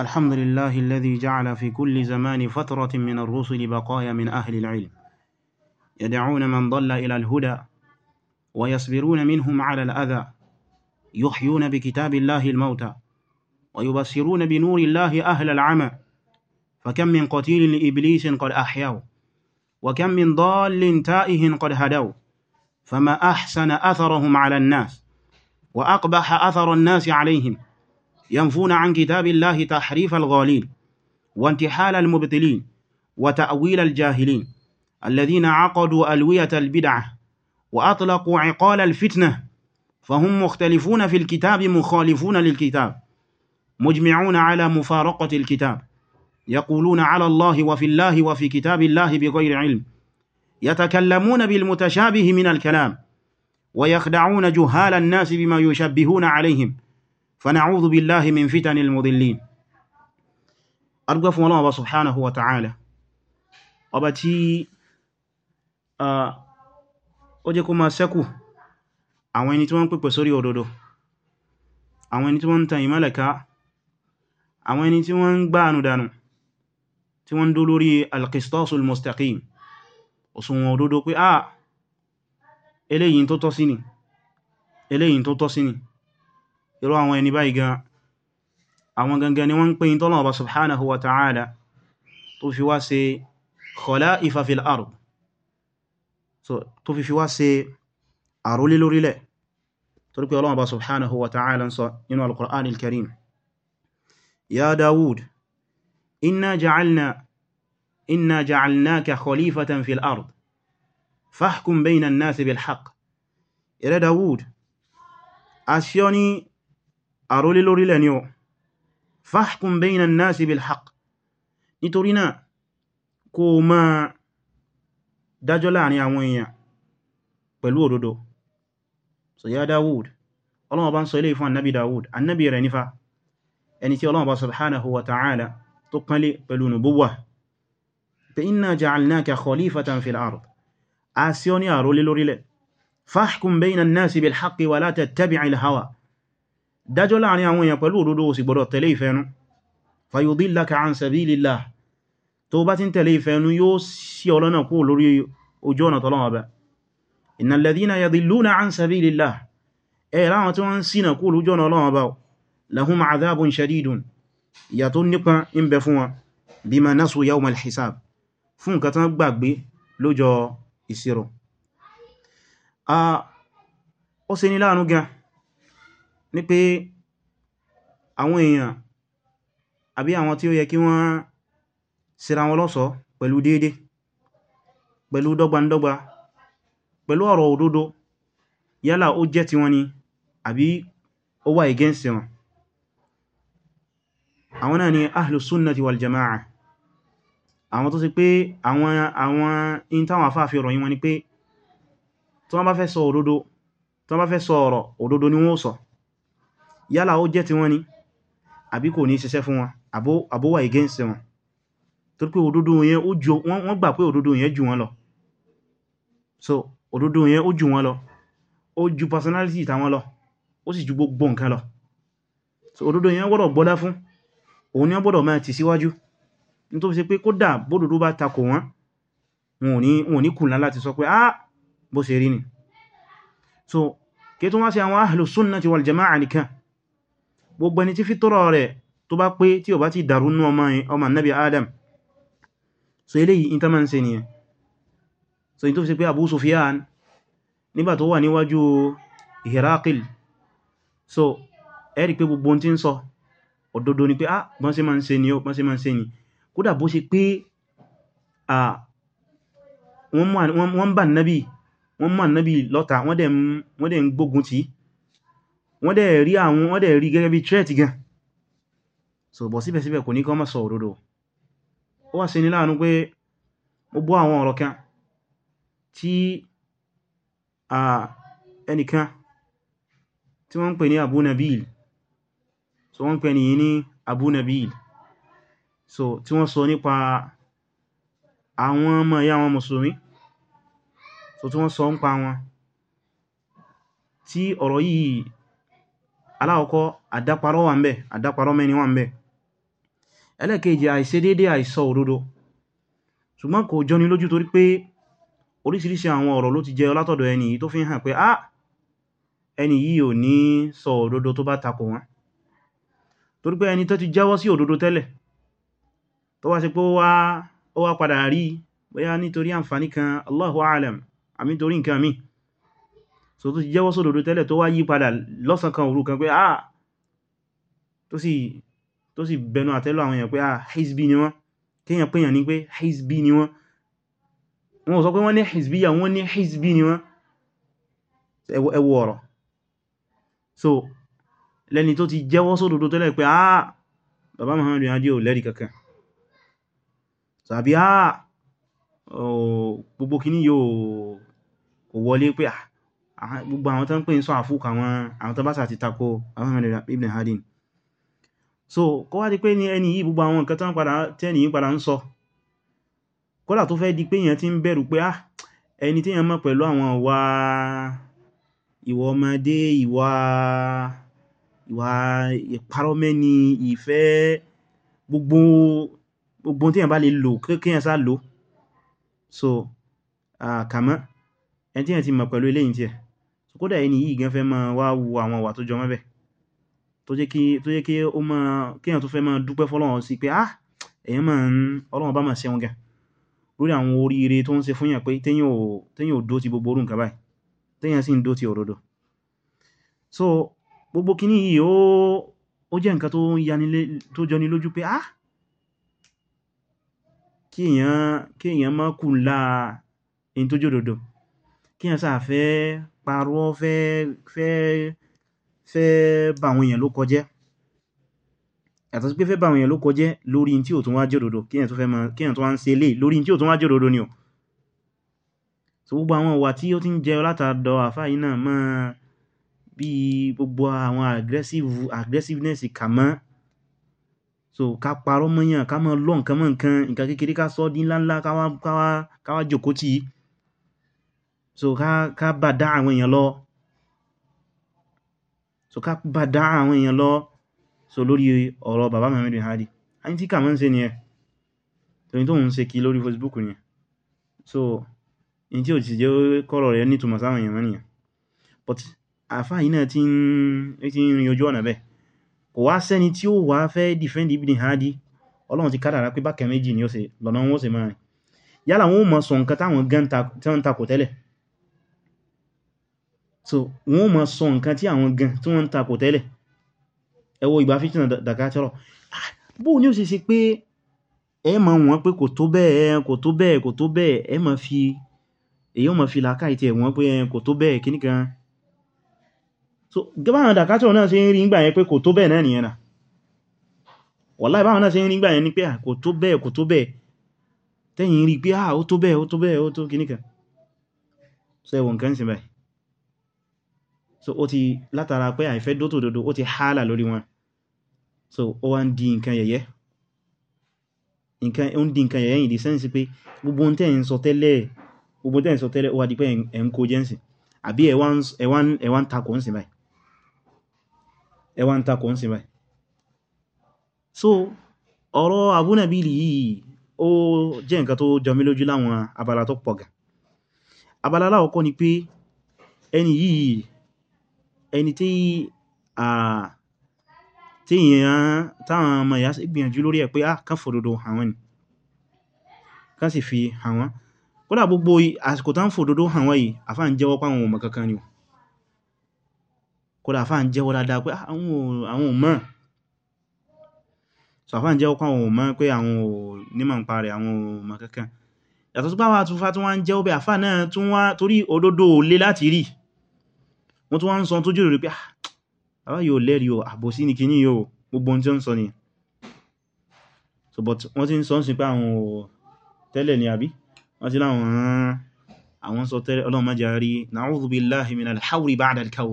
الحمد لله الذي جعل في كل زمان فترة من الرسل بقايا من أهل العلم يدعون من ضل إلى الهدى ويصبرون منهم على الأذى يحيون بكتاب الله الموتى ويبصرون بنور الله أهل العمى فكم من قتيل لإبليس قد أحيوا وكم من ضال تائه قد هدوا فما أحسن أثرهم على الناس وأقبح أثر الناس عليهم ينفون عن كتاب الله تحريف الغالين وانتحال المبطلين وتأويل الجاهلين الذين عقدوا ألوية البدعة وأطلقوا عقال الفتنة فهم مختلفون في الكتاب مخالفون للكتاب مجمعون على مفارقة الكتاب يقولون على الله وفي الله وفي كتاب الله بغير علم يتكلمون بالمتشابه من الكلام ويخدعون جهال الناس بما يشبهون عليهم فنعوذ بالله من فتن المضلين أرجو فون الله سبحانه وتعالى أبتي ó jẹ́ kó máa ṣẹ́kù àwọn ẹni tí wọ́n ń pèpè sórí òdodo àwọn ẹni tí wọ́n ń tan ìmọ́lẹ̀ká àwọn ẹni tí wọ́n ń gbá ànúdànù tí wọ́n dó lórí alkistosul mustaqim òṣùwọ̀n òdodo pé ah eléyìí tó tọ́ sí ni eléyìí tó tọ́ sí ni irú àwọn ẹni báyìí gan àwọn gangan ni wọ́n ń pè ní tọ́lọ̀ ọba subhanahu wa ta'ala tó fi wá ṣe kọlá ìfàfil àrù tó fi fi wá ṣe àrù àrólé tó rí pé ọlọ́wọ́ ọba subhanahu wa ta'ala ń inú nínú ya Dawud inna ja'alna inna ja'alnaka fil ard fahkum bayna nasi bil haqq ila Dawud asioni àrólé lórílẹ̀ ni ọ fahkum bayna an-nasi bil haqq nítorí náà kó máa dájọ́ láàrin àwọn èèyàn pẹ̀lú òdodo so ya Dawud Ọlọ́run bá ń sọ ilé fún annabi Dawud annabi rẹ̀ nífà ẹni tí Ọlọ́run bá subhanahu wa ta'ala tó pẹ́lẹ̀ pẹ̀lú nubuwa pé inna ja'alnaka khalifatan fil ard a sí ọ ní àrólé fahkum bayna an-nasi bil haqqi wa la tattabi'il hawa dájọ́ láàrin àwọn èèyàn pẹ̀lú òdodo ò sì gbọdọ̀ tẹ̀lé ìfẹ́nu fayudillaka an sabilillah tó bá ti ń tẹ̀lé ìfẹ́nu yóò sí ọlọ́nà kú lórí ojú ọ̀nà tọ́lọ́wọ́ bá innal ladhina yadhilluna an sabilillah ẹ̀ láwọn tí wọ́n ń sínà kú lójú ọ̀nà ọlọ́wọ́ bá lahum adhabun shadidun ìyà tó nípa ó ṣe ní láàánú gan ní pé àwọn èèyàn àbí àwọn tí ó yẹ kí wọ́n síra wọn lọ́ṣọ̀ọ́ pẹ̀lú déédé pẹ̀lú dọ́gbandọ́gba pẹ̀lú ọ̀rọ̀ òdodo yálà ó jẹ́ ti wọn ni àbí ó wà against wọn àwọn náà ni ahlus sunnati wal jama'a àwọn tó sì pé àwọn àwọn in táwọn afáàfẹ́ ọ̀rọ̀ yí wọn ni pé tí wọ́n bá fẹ́ sọ òdodo ni wọ́n sọ yálà ó jẹ́ ti wọ́n ni àbí kò ní ṣiṣẹ́ fún wọn àbówà against wọn torí pé òdodo yẹn ó ju wọ́n gbà pé òdodo yẹn ju wọn lọ so òdodo yẹn ó ju wọn lọ ó ju personality tàwọn lọ ó sì ju gbogbo nǹkan lọ so òdodo yẹn gbọ́dọ̀ gbọ́lá fún òun ni wọ́n gbọ́dọ̀ máa tì síwájú nítorí ṣe pé kódà bódodo bá takò wọ́n wọn ò ní kùnlá láti sọ pé ah bó ṣe rí ni so kí tó wá sí àwọn ahlus sunnati wal jama'a nìkan gbogbo ẹni tí fítọ́rọ̀ rẹ̀ tó bá pé tí ò bá ti dàrú nú ọmọ nabi adam so eléyìí in ta ma ń so in tó fi ṣe pé abu sufyan nígbà tó wà níwájú hirakil so ẹ̀rí pé gbogbo ohun tí ń sọ òdodo ni pé ah bọ́n ṣe ma ń ṣe ni ó bọ́n ah wọ́n bá nábi wọ́n mọ̀ nábi lọ́ta wọ́n dẹ̀ ń gbógun tì wọ́n dẹ̀ rí àwọn wọ́n dẹ̀ rí gẹ́gẹ́ bí threat gan so bọ̀ síbẹ̀síbẹ̀ kò ní kọ́ mọ́ sọ òdodo ó wá ṣe ní láàánú pé ó gbọ́ àwọn ọ̀rọ̀ kan tí ẹnìkan tí wọ́n ń pè ní Abu so wọ́n ń pè ní ní Abu so tí wọ́n sọ nípa àwọn ọmọ ìyá wọn mùsùlùmí so tí wọ́n sọ ń pa wọn tí ọ̀rọ̀ yìí alákọ̀ọ́kọ́ àdáparọ́ wà ń bẹ̀ àdáparọ́ mẹ́ni wà ń bẹ̀ ẹlẹ́ẹ̀kejì àìṣedédé àìsọ òdodo ṣùgbọ́n kò jọni lójú torí pé oríṣiríṣi àwọn ọ̀rọ̀ ló ti jẹ látọ̀dọ̀ ẹni yìí tó fi hàn pé á ẹni yìí ò ní sọ òdodo tó bá takò wọn torí pé ẹni tó ti jẹ́wọ́ sí òdodo tẹ́lẹ̀ tó wá sí pé ó wá padà rí bóyá nítorí àǹfààní kan Allahu a'lam àmì torí nǹkan míì so tó ti jẹ́wọ́ sódòdó tẹ́lẹ̀ tó wá yí padà lọ́sàn kan òru kan pé ah tó sì tó sì bẹnu àtẹ́lù àwọn èèyàn pé ah hizbi ni wọ́n kéèyàn péyàn ní pé hizbi ni wọ́n wọ́n sọ pé wọ́n ní hizbi yà wọ́n ní hizbi ni wọ́n ẹwọ ọ̀rọ̀ so lẹ́ni tó ti jẹ́wọ́ sódòdó tẹ́lẹ̀ pé ah bàbá Muhammadu yànjú ò lẹ́rìí kankan tàbí ah gbogbo kìíní yóò wọlé pé ah gbogbo àwọn tó ń pè ń sọ àfúk àwọn tó bá sà ti takò Ahmad ibn Hadin so kó wá di pé ní ẹni yìí gbogbo àwọn nǹkan tẹ́ni yìí padà ń sọ kódà tó fẹ́ di pé èyàn ti ń bẹ̀rù pé ah ẹni tí èyàn mọ̀ pẹ̀lú àwọn ìwà ìwà ọmọdé ìwà ìwà ìparọ́mẹ́ni ìfẹ́ gbogbo gbogbo tí èyàn bá lè lò kéèyàn sá lò so kàmọ́ ẹni tí èyàn ti mọ̀ pẹ̀lú eléyìí tí ẹ̀ kódà ẹni yìí gan fẹ́ máa wá wu àwọn ìwà tó jọ mọ́bẹ̀ tó jẹ́ kí ó máa kíyàn tó fẹ́ máa dúpẹ́ fọ́lọ́run sí pé ah èyàn máa ń Ọlọ́run bá máa ṣeun gan lórí àwọn oríire tó ń ṣe fún yàn pé téyàn ò dó ti gbogbo orú nǹkan báyìí téyàn ń dó ti òdodo so gbogbo kíní yìí ó jẹ́ nǹkan tó yani tó jọni lójú pé ah kíyàn má kù láà in tó jòdòdó kíyàn sáà fẹ́ parọ́ fẹ́ fẹ́ fẹ́ bá àwọn èèyàn ló kọjẹ́ yàtọ̀ sí pé fẹ́ bá àwọn èèyàn ló kọjẹ́ lórí tí ò tún wá jẹ́ òdodo kíyàn tó wá ń ṣe lè lórí tí ò tún wá jẹ́ òdodo ni ò so gbogbo àwọn ìwà tí ó ti ń jẹyọ látàdọ àfáà yìí náà máa bí gbogbo àwọn aggressiveness kàmọ́ so ká parọ́ mọ́yàn ká mọ́ lọ́ nǹkan mọ́ nǹkan nǹkan ká sọ́ dín láńlá káwá jòkó tí yìí so ká bá dá àwọn èèyàn lọ so ká bá dá àwọn èèyàn lọ so lórí ọ̀rọ̀ bàbá Muhammad Hadi a ní tí kà mọ́ ń ṣe ni ẹ torí tó ń ṣe kí lórí Facebook ni so in tí ò ti jẹ́ kọ́rọ̀ rẹ̀ ní túnmọ̀ sáwọn èèyàn nìyàn but àfá yìí náà ti ń rin ojú ọ̀nà bẹ́ẹ̀ kò wá sẹ́ni tí ó wá fẹ́ defend Ibn Hadi ọlọ́run ti kádàrá pé bákẹ́ méjì ni ó ṣe lọ́nà wọn ó ṣe máa rìn yálà wọn ó mọ sọ nǹkan táwọn gan takò tẹ́lẹ̀ so won ma sọ nkan ti awon gan won wọ́n ń takò tẹ́lẹ̀ ẹ wo ìgbà fíjìnà dàkátọ́rọ̀ ah, bó ni o pe e ma won pe ko to be kò to bẹ́ẹ̀ kò to bẹ́ẹ̀ e ma fi èyí ma fi làákà ìtẹ̀ wọ́n pé kò tó bẹ́ẹ̀ kí nìkan so gbáwọn dàkátọ́rọ̀ náà ṣe na rí ngbà yẹn pé kò tó to náà na náà na báwọn náà ṣe ń rí ngbà yẹn ni pé kò tó bẹ́ẹ̀ kò tó bẹ́ẹ̀ nri rí pé ó tó bẹ́ẹ̀ ó tó kan so ó ti látara pé àìfẹ́ dótò dodo ó ti hálà lórí wọn so ó wá ń di nǹkan yẹ̀yẹ́ nǹkan ó ń di nǹkan yẹ̀yẹ́ yìí di sẹ́ǹsì pé gbogbo ohun tẹ́ ń sọ tẹ́lẹ̀ gbogbo tẹ́ sọ tẹ́lẹ̀ ó wá di pé ẹ̀ ń kó jẹ́ǹsì àbí ẹ̀ ń takò ń sìn báyìí so ọ̀rọ̀ abúnàbílì yìí ó jẹ́ nǹkan tó jọmí lójú láwọn abala tó pọ̀ gan abala láwọ́kọ́ ni pé ẹni yìí ẹni tí èyàn ọmọ ìyá sì gbìyànjú lórí ẹ̀ pé ah kán fòdodo hàn wọ́n ni kán sì fi hàn wọ́n kódà gbogbo àsìkò tán fòdodo hàn wọ́n yìí àfá ń jẹ́wọ́ pàwọn ọmọ kankan ni kódà àfá ń jẹ́wọ́ dáadáa pé ah, àwọn ọmọ so àfá ń jẹ́wọ́ pàwọn ọmọ pé àwọn onímọ̀ ń parẹ̀ àwọn ọmọ kankan yàtọ̀ tó bá wà tún fá tún wá ń jẹ́wọ́ pé àfá náà tún wá torí òdodo ò láti rí wọ́n tún wá ń sọ tó jírò rí pé ah, àwá yóò lẹ́rí o àbòsí ní kíní yóò gbogbo tí ó ń sọ ni so but wọ́n ti ń sọ ń sin pé àwọn ò tẹ́lẹ̀ ni àbí wọ́n ti láwọn àwọn sọ tẹ́lẹ̀ ọlọ́run má jẹ́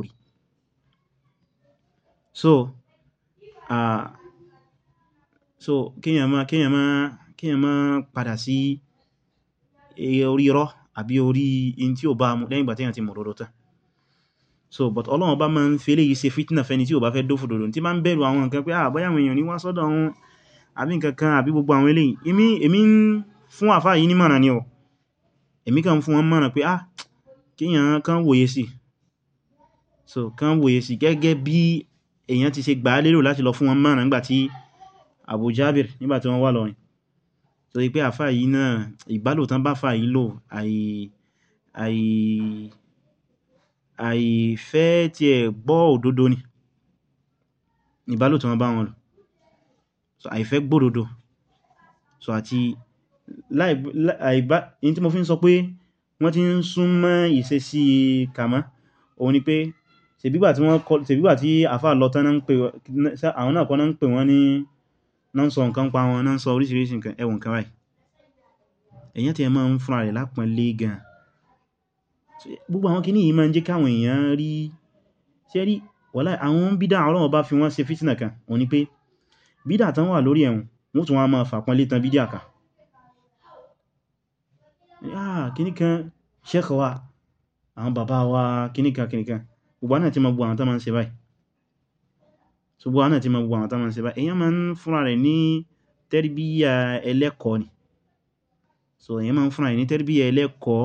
rí so uh, so kíyàn má kíyàn má kíyàn má padà sí orí rọ́ àbí orí in tí so but Ọlọ́run bá máa ń fi eléyìí ṣe fitna fẹni tí ò bá fẹ́ dófò dòdò tí máa ń bẹ̀rù àwọn nǹkan pé àbáyà ah, àwọn èèyàn ní wá sọ́dọ̀ wọn àbí nǹkan kan àbí gbogbo àwọn eléyìí èmi èmi ń fún àfá yìí ní mọ̀ràn ni ọ̀ èmi kan fún wọn mọ̀ràn pé ah kíyàn kan wòye sí so kan wòye sí gẹ́gẹ́ bí èèyàn ti ṣe gbà á lérò láti lọ fún wọn mọ̀ràn nígbà tí Abu Jabir nígbà tí wọ́n wà lọ́rin so pé àfá yìí náà ìbálòtán bá fà yìí lò àì àì àìfẹ́ tí ẹ gbọ́ òdodo ni ìbálòtí wọn bá wọn lò so àìfẹ́ gbódodo so àti àìbá tí mo fi ń sọ pé wọ́n ti ń súnmọ́ ìṣe sí kàmá òun ni pé ṣèbígbà tí àfà lọ́tán àwọn náà kọ́ náà ń pè wọ́n ní náà ń sọ nǹkan pa wọn náà ń sọ oríṣiríṣi nǹkan ẹwọ̀n kan báyìí gbogbo àwọn kìíní yìí máa ń jẹ́ káwọn èèyàn rí ṣẹ́rí wọ́lá àwọn bídá Ọlọ́run bá fi wọ́n ṣe fìtínà kan wọ́n ní pé bídá tán wà lórí ẹ̀hùn wọ́n tún wá máa fàpọn létan bídá kan ah kìníkan sheikh wa àwọn bàbá wa kìníkan kìníkan gbogbo náà ma gbogbo àwọn tán ma ń gbogbo ma gbogbo àwọn tán ma ń ṣe báyìí èyàn ma ń fúnra rẹ̀ ní tẹ́rìbíyà ẹlẹ́kọ̀ọ́ ni so èyàn ma ń fúnra rẹ̀ ní tẹ́rìbíyà ẹlẹ́kọ̀ọ́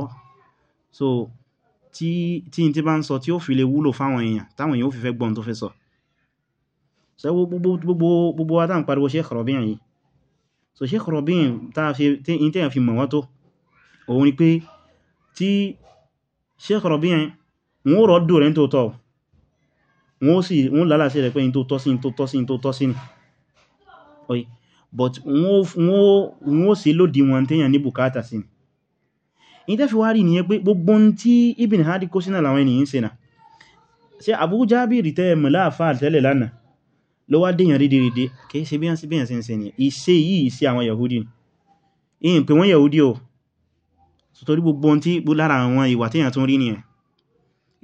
so tí n tí bá ń sọ tí ó fi lè wúlò fáwọn èèyàn táwọn èèyàn ó fi fẹ́ gbọ́n tó fẹ́ sọ so gbogbo wa táà ń pariwo Sheikh Rabi' yìí so Sheikh Rabi' in tẹ́yàn fi mọ̀ wọ́n tó òun ni pé tí Sheikh Rabi' wọ́n rọ̀ dò rẹ̀ tó tọ́ wọ́n sì wọ́n lálàsí rẹ̀ pé in tó tọ́ sí in tó tọ́ sí in tó tọ́ sí ni but wọ́n ó sí lòdì wọn tẹ́yàn ní bùkátà sí ni ìtẹ́fìwárí ni pé gbogbo tí Ibn Hadi kó sínà làwọn ènìyàn ṣe náà ṣe Abu Jabir tẹ́ mọ̀láàfà tẹ́lẹ̀ lánàá ló wá dèyàn rídí rídí kìí ṣe bíyàn sí bíyàn sí ṣe ní ìṣe yìí sí àwọn Yahudi ni ìyìn pé wọ́n Yahudi o sọ̀tọ̀rí gbogbo tí lára àwọn ìwà tẹ́yàn tó rí ni ẹ̀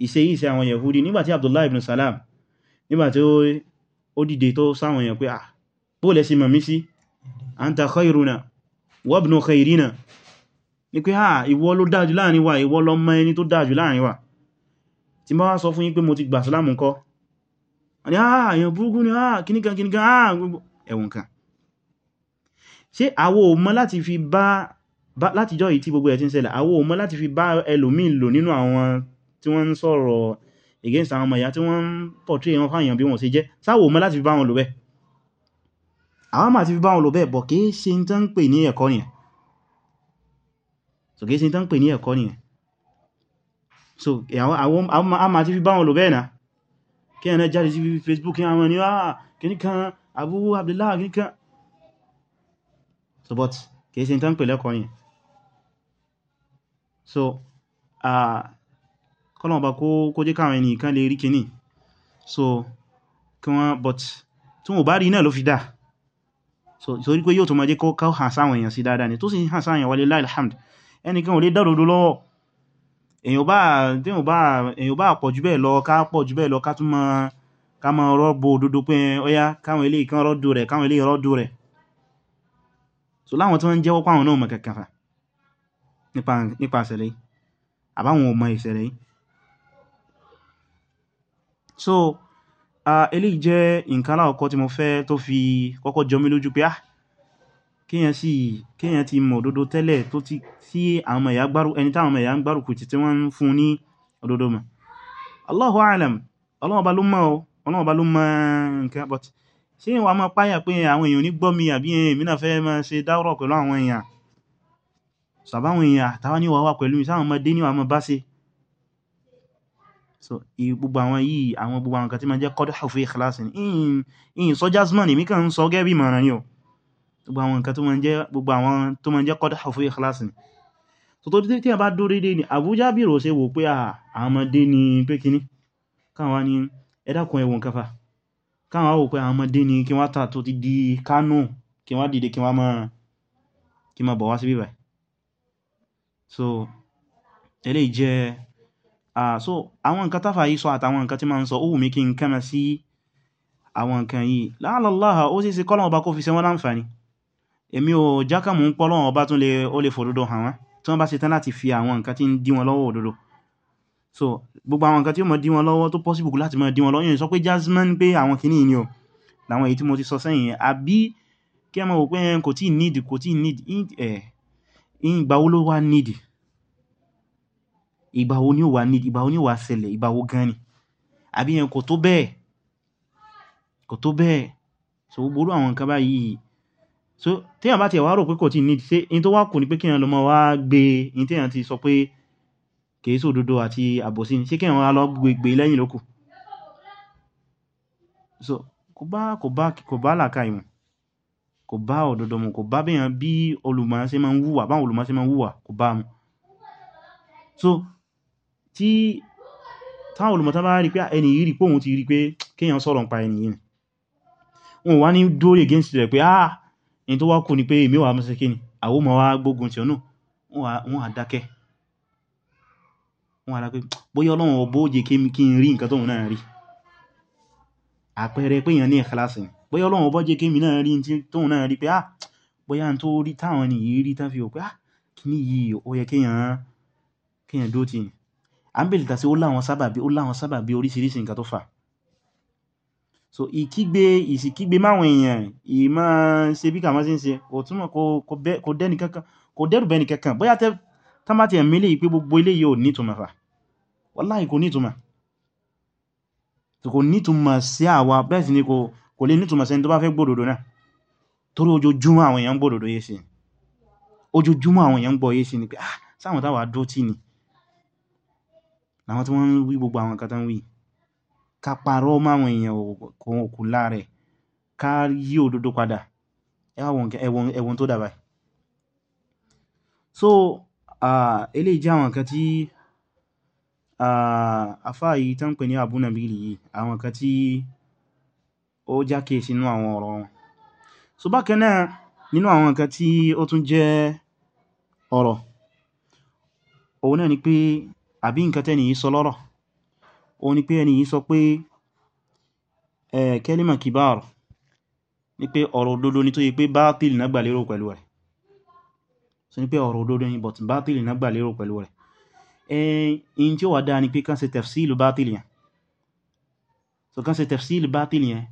ìṣe yìí sí àwọn Yahudi nígbàtí Abdullah ní pé ha ah, ìwọ ló dájú láàrin wa ìwọ ló mọ ẹni tó dájú láàrin wa tí bá wá sọ fún yín pé mo ti gbà sílámù ńkọ́ ni ha ah, èyàn burúkú ni ha ah, kíníkan kíníkan ha gbogbo ẹ̀wọ̀n kan ṣé àwọ òmọ́ láti fi bá látijọ́ yìí tí gbogbo ẹ̀ ti ń ṣẹlẹ̀ àwọ òmọ́ láti fi bá ẹlòmíì lò nínú àwọn tí wọ́n ń sọ̀rọ̀ against àwọn ọmọ ìyá tí wọ́n ń portray wọn fáyàn bí wọ́n ṣe jẹ́ sáwọ òmọ́ láti fi bá wọn lò bẹ́ẹ̀ àwọn máa ti fi bá wọn lò bẹ́ẹ̀ bọ̀ kìí ṣe ń tán pè ní ẹ̀kọ́ nìyẹn so gẹ́sí tán pè ní ẹ̀kọ́ nìyẹn so àwọn àmà tí fi bá wọn lò bẹ́ẹ̀ náà kí ẹ̀nà jáde sí Facebook àwọn ah, ni ah kìníkan Abu Abdullah kìníkan so but gẹ́sí tán pè lẹ́kọ́ nìyẹn so kọ́lọ̀ ọba kó jẹ́ káwọn ẹni kan lè rí kìíní so kí wọ́n but tí wọ́n bá rí náà ló fi dáa so ìsorí pé yóò tó máa jẹ́ kọ́ hàn sáwọn èèyàn sí dáadáa ni tó sì hàn sáwọn èèyàn wálé láìlhamd ẹnìkan ò lè dẹ́rọ̀dọ̀ lọ́wọ́ èyàn bá pọ̀ jù bẹ́ẹ̀ lọ ká pọ̀ jù bẹ́ẹ̀ lọ ká tún mọ́ rọ́bọ̀ òdodo pé ọya káwọn eléyìí kan rọ́dù rẹ̀ káwọn eléyìí rọ́dù rẹ̀ so láwọn tí wọ́n ń jẹ́wọ́ páwọn náà mọ̀ kẹkẹfà nípa ìṣẹ̀lẹ̀ yìí àbáwọn ọmọ ìṣẹ̀lẹ̀ yìí so eléyìí jẹ́ nǹkan aláwọ̀kọ́ tí mo fẹ́ tó fi kọ́kọ́ jọ mí lójú pé ah kéèyàn sì kéèyàn ti mọ òdodo tẹ́lẹ̀ tó ti tí àwọn ẹ̀yà gbárù ẹni táwọn ọmọ ẹ̀yà ń gbárùkù tì tí wọ́n ń fún ní òdodo mọ̀ Allahu a'lam ọlọ́wọ́ba ló mọ̀ ọ́ ọlọ́wọ́ba ló mọ̀ nǹkan but ṣé ìwà máa páyà pé àwọn èèyàn ní gbọ́ mi àbí èmi náà fẹ́ máa ṣe dáwọ́rọ̀ pẹ̀lú àwọn èèyàn sàbáwọn èèyàn àtàwọn ní wàwà pẹ̀lú ìsáwọn ọmọdé ní wàmọ́ bá ṣe so gbogbo àwọn yìí àwọn gbogbo àwọn kan tí ma jẹ́ kọ́dọ̀ fi ikhlas ní ìyìn sọ jasmine èmi ń sọ gẹ́bí mọ̀ràn ni o gbogbo àwọn nǹkan tó máa ń jẹ́ gbogbo àwọn tó máa ń jẹ́ kọ́dá fún ikhlas ni so tó tí a bá dúró dédé ni Abu Jabir ò ṣe wò pé ah, àmọ́dé ni pé kíní káwọn ni ẹ̀dàkùn ẹ̀wọ̀n kafa káwọn wò pé àmọ́dé ni kí wọ́n tà ti di Kánò kí wọ́n dìde kí wọ́n bọ̀ wá sí bíbẹ̀ so eléyìí jẹ́ ah so àwọn nǹkan táfà yìí sọ àtàwọn nǹkan tí ma ń sọ ó wù mí kí n kẹ́mẹ́ sí sì sí kọ́lọ̀ ọba kó fi ṣe wọ́n èmi ò jákàmù ń pọ́ lọ́wọ́ ọba tún lè ó lè fòdodo hàn wọ́n tí wọ́n bá ṣe tán láti fi àwọn nǹkan tí ń dí wọn lọ́wọ́ òdodo so gbogbo àwọn nǹkan tí ó mọ̀ dí wọn lọ́wọ́ tó possible láti mọ̀ dí wọn lọ́wọ́ sọ pé jasmine pé àwọn kìíní ni o làwọn èyí tí mo ti sọ sẹ́yìn àbí kí ẹ mọ̀ wò pé kò tí need kò tí need ẹ̀ ìgbà wo ló wá need ìgbà wo ni ó wá need ìgbà wo ni ó wá ṣẹlẹ̀ ìgbà wo gan ni àbí yẹn kò tó bẹ́ẹ̀ kò tó bẹ́ẹ̀ so gbogbo àwọn nǹkan báyìí so tí èyàn bá ti ẹ̀wà rò pé kò tí ní ṣe in tó wá kù ní pé kíyàn lọ mọ́ wá gbé in tí èyàn ti sọ pé kìí sí àti àbòsí ní ṣe kíyàn wá lọ gbé e lẹ́yìn lókù so kò bá kò bá kò bá làkàì mu kò bá òdodo mu kò bá bèyàn bí olùmọ̀ ṣe máa ń wùwà báwọn olùmọ̀ ṣe ń wùwà kò bá so tí táwọn olùmọ̀ tán bá rí pé ẹni yìí rí pé òun ti against rẹ̀ pé in tó wá kù ní pé èmi wà mọ́sí kí ni àwọn ọmọ wá gbógun tí ọ̀nà wọ́n á dákẹ́ wọ́n á dákẹ́ bóyá ọlọ́run ọbọ̀ ó jẹ́ kí n rí nǹkan tóun náà rí àpẹẹrẹ pé èèyàn ní ìkìláàsì ni bóyá ọlọ́run ọbọ̀ jẹ́ kí mi náà rí tóun náà rí pé ah bóyá n tó rí táwọn ni yìí rí tán fi hàn pé ah, kí ni yìí ó yẹ kéèyàn kéèyàn dó tì ní à ń ó láwọn sábàbí ó nǹkan tó fà so ìkígbe ìsìkígbe máwọn èèyàn ìmọ̀ ṣe bí kàmọ́ sí ń ṣe kò túnmọ̀ kò dẹ́ni kankan kò dẹ́rù bẹ́ni kankan bóyá tán bá ti ẹ̀mí lè pé gbogbo ilé yóò nítumọ̀ fà wállàhí kò nítumọ̀ kò nítumọ̀ sí àwa bẹ́ẹ̀ ni kò lè nítumọ̀ sẹ́ni tó bá fẹ́ gbọ́dọ̀dọ̀ náà torí ojoojúmọ́ àwọn èèyàn gbọ́dọ̀dọ̀ yé sí ojoojúmọ́ àwọn èèyàn gbọ́ yé sí ni pé ah sáwọn táwà dó tí ni làwọn tí wọ́n ń wí gbogbo àwọn kan tán wí ká parọ́ máwọn èèyàn kò lára ẹ̀ ká yí òdodo padà ẹwọ̀n tó dàbà so eléyìí jẹ́ àwọn nǹkan tí afá yìí tán pè ní Abu Nabil yìí àwọn nǹkan tí ó jákè sínú àwọn ọ̀rọ̀ wọn so bákan náà nínú àwọn nǹkan tí ó tún jẹ́ ọ̀rọ̀ òun náà ni pé àbí nǹkan tẹ́ni yìí sọ lọ́rọ̀ òun ni pé ẹni yìí sọ pé kẹlìmà kìbáàrù ní pé ọ̀rọ̀ òdodo ni tó yí pé báátìlì nágbà lérò pẹ̀lú rẹ̀ so ni pe ọ̀rọ̀ òdodo ni but báátìlì nágbà lérò pẹ̀lú eh ẹ̀yìn tí ó wà dáa ni pe kan ṣe tẹ̀fsílù batil yẹn so kan ṣe tẹ̀fsílù batil yẹn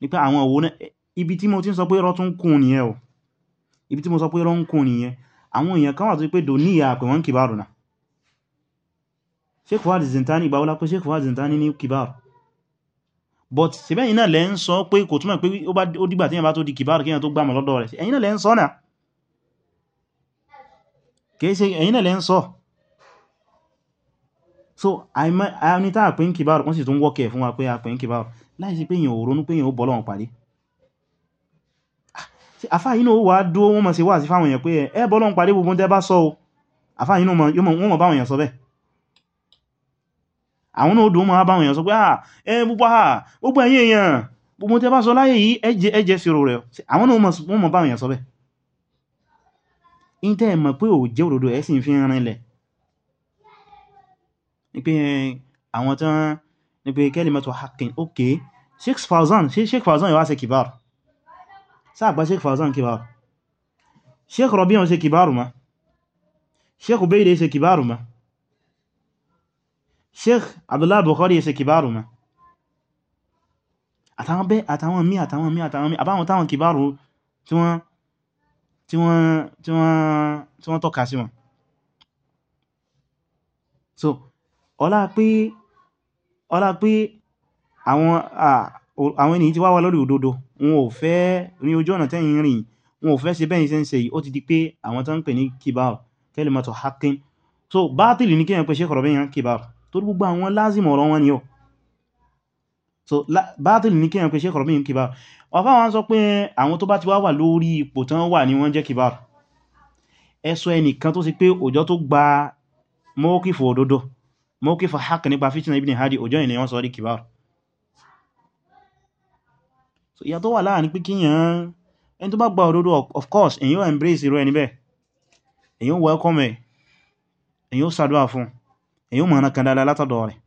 ni pe àwọn òwò na ibi tí mo ti ń sọ pé rọ́ tún kún nìyẹn o ibi tí mo sọ pé rọ́ ń kún nìyẹn àwọn èèyàn kan wà tó pé dò ní ìyá àpẹ̀wọ̀n kìbáàrù náà sheikh Fuad Zintani ìgbàwọlá pé sheikh Fuad Zintani ni kibar but síbẹ̀ yìí náà lẹ́ ń sọ pé kò túnmọ̀ pé ó dìgbà tí yẹn bá tó di kibar kí yẹn tó gbàmọ̀ lọ́dọ̀ rẹ̀ ẹ̀yin náà lẹ́ ń sọ náà kìí ṣe ẹ̀yin náà lẹ́ ń sọ so àmìta àpé ń kibar wọ́n sì tún wọ́kẹ̀ fún wa pé àpé ń kibar láìsí pé yẹn ò ronú pé yẹn ó bọ́lọ́wọ̀n pàdé afá ah, yìí náà wà dúó wọ́n mọ̀ sí wà sí fáwọn èèyàn pé ẹ bọ́lọ́wọ̀n pàdé gbogbo tẹ́ ba sọ o afá yìí náà wọ́n mọ̀ báwọn èèyàn sọ bẹ́ẹ̀ àwọn náà dùn máa báwọn èèyàn sọ pé à ah, ẹ púpọ̀ à ah, gbogbo ẹ̀yin èèyàn gbogbo tẹ bá sọ láyé yìí ẹjẹ́ sírò rẹ̀ àwọn náà wọ́n mọ̀ báwọn èèyàn sọ bẹ́ in tẹ́ mọ̀ pé ò jẹ́ òdodo ẹ̀ sì fi rin lẹ̀ ní pé àwọn tán ní pé kalimatu haqqin ok Sheikh Fawzan Sheikh Fawzan yóò wá ṣe kìbár sáàgbá Sheikh Fawzan kìbár Sheikh Rabi'u ṣe kìbár ma Sheikh Ubayde ṣe kìbár ma Sheikh Abdullah Bukhari yẹ́ ṣe kìbárù ma àtàwọn bẹ́ àtàwọn mí àtàwọn mí àtàwọn mí àbáwọn táwọn kìbárù tí wọ́n tọ́ka sí wọn so ọlá pé ọlá pé àwọn ènìyàn ti wá wá lórí òdodo wọn ò fẹ́ rin ojú ọ̀nà tẹ́yìn rìn wọn ò fẹ́ ṣe bẹ́yìn sẹ́nsẹ̀ yìí ó ti di pé àwọn tán ń pè ní kìbárù kalimatu haqqin so bátìlì ní kíyàn pé Sheikh Rabi' yẹn torí gbogbo àwọn lázìmọ̀ ọ̀rọ̀ wọn ni ọ so bátil ní kíyàn pé ṣe kọ̀rọ̀ mìí kìbára ọ̀fá wọn sọ pé àwọn tó bá ti wá wà lórí ipò tán wà ní wọ́n jẹ́ kìbára ẹsọ ẹnìkan tó sì pé òjò tó gba mọ́kífò òdodo mọ́kífò hak nípa fitina ibn hadi òjò ìní sọ so ìyàtọ̀ wà láàrin pé kíyàn ẹni of course èyí embrace irú ẹni bẹ́ẹ̀ welcome ẹ̀ èyí ó èyí mọ̀ ọ̀nà kan dáadáa látọ̀dọ̀ rẹ̀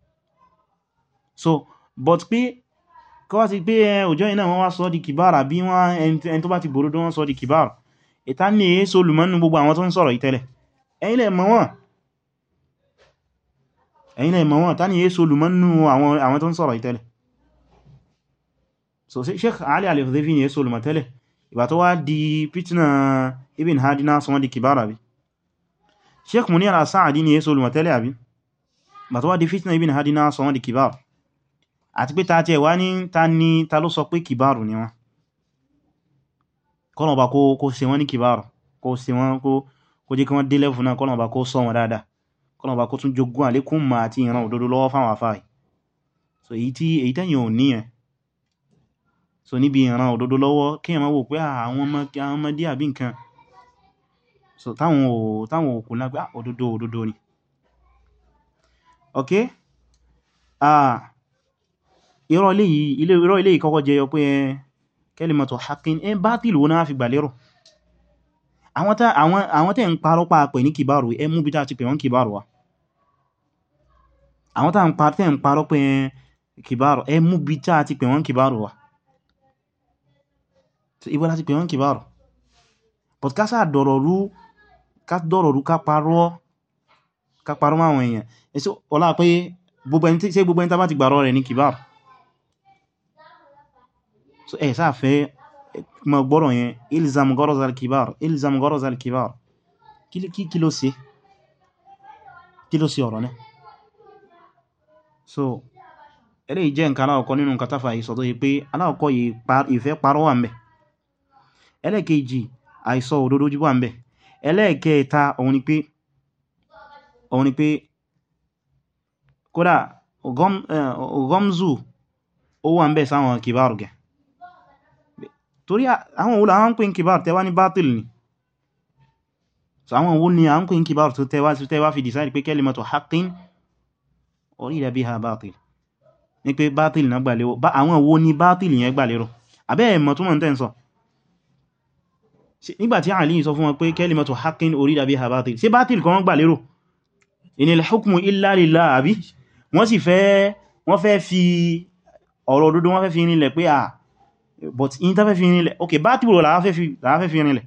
so but pé kọwàá ti pé òjò iná wọ́n wá sọ di kìbára bí wọ́n ẹni tó bá ti bòrò wọ́n sọ di kìbára ìta ní èé so lùmọ́nù gbogbo àwọn tó ń sọ̀rọ̀ ìtẹ́lẹ̀ ẹ̀yin lẹ mọ̀ wọ́n ẹ̀yin so lùmọ́nù Sheikh Ali al-Hudhayfi ní èé so lùmọ́ di pitna Ibn Hadi di kìbára bí Sheikh Munir al-Sa'di ní èé bàtọ́wà di fitna ibn hadi náà sọ di kìbáàrù àti pé ta ti ẹ̀wà ní ta ní ta ló sọ pé kìbáàrù ni wọ́n kọ́nà ọba kó ṣe wọ́n ní kìbáàrù kó ṣe wọ́n kó jẹ́ kí wọ́n dé lẹ́fù náà kọ́nà ọba kó sọ so èyí tí èyí so níbi ìran òdodo lọ́wọ́ kí ẹ̀ máa wò pé ah, àwọn ọmọdé so táwọn òkú lágbá ah, òdodo òdodo ni ok ah irọ́ ilé yìí irọ́ ilé yìí kọ́kọ́ jẹyọ pé kalimatu haqqin ẹ bátìlù wọn náà fi gbà lérò àwọn tẹ́ ń parọ́ pa pẹ̀ ní kìbàrù ẹ mú bí tá ti pẹ̀ wọ́n kìbàrù wa àwọn tẹ́ ń parọ́ pẹ̀ kìbàrù ẹ mú bí tá ti pẹ̀ wọ́n kìbàrù wa ibo láti pẹ̀ wọ́n kìbàrù but ká sáà dọ̀rọ̀ rú ká dọ̀rọ̀ rú ká parọ́ ká parọ́ mọ́ àwọn èèyàn èso ọlá pé gbogbo ẹni tí gbogbo ẹni tá bá ti gbàrọ rẹ̀ ní kìbáàbù so ẹ̀ sáà fẹ́ mọ̀ gbọ́rọ̀ yẹn ilzam gọ́rọ̀zà kìbáàr ilzam gọ́rọ̀zà kìbáàr kí ló ṣe kí ló ṣe ọ̀rọ̀ náà so eléyìí jẹ́ nǹkan aláwọ̀kọ́ nínú nǹkan táfà àìsọ̀ tó yí pé aláwọ̀kọ́ ìfẹ́ parọ́ wà ń bẹ ẹlẹ́ẹ̀kejì àìsọ òdodo jíbọ̀ ń bẹ ẹlẹ́ẹ̀kẹta òun ni pé òun ni pé kódà gọ́mzù ó wà ń bẹ̀ sáwọn kìbáàrù gẹ̀ torí àwọn òun àwọn ń kìbáàrù tẹ́wà ní bátìl ni so àwọn òun ni à ń pè ní kìbáàrù tó tẹ́wà sí tẹ́wà fi decide pé kalimatu haqqin urida biha bátìl ní pé bátìl náà ni bátìl yẹn gbàlérò abẹ́ ẹ̀mọ̀ túnmọ̀ tẹ́ ń sọ nígbàtí Àlí sọ fún wọn pé kalimatu haqqin urida biha bátìl ṣé bátìl inil hukmu illa lillah àbí wọ́n sì fẹ́ wọ́n fẹ́ fi ọ̀rọ̀ òdodo wọ́n fẹ́ fi rinlẹ̀ pé à ah, but in ta fẹ́ fi rinlẹ̀ ok bá tí wò láwá fẹ́ fi rinlẹ̀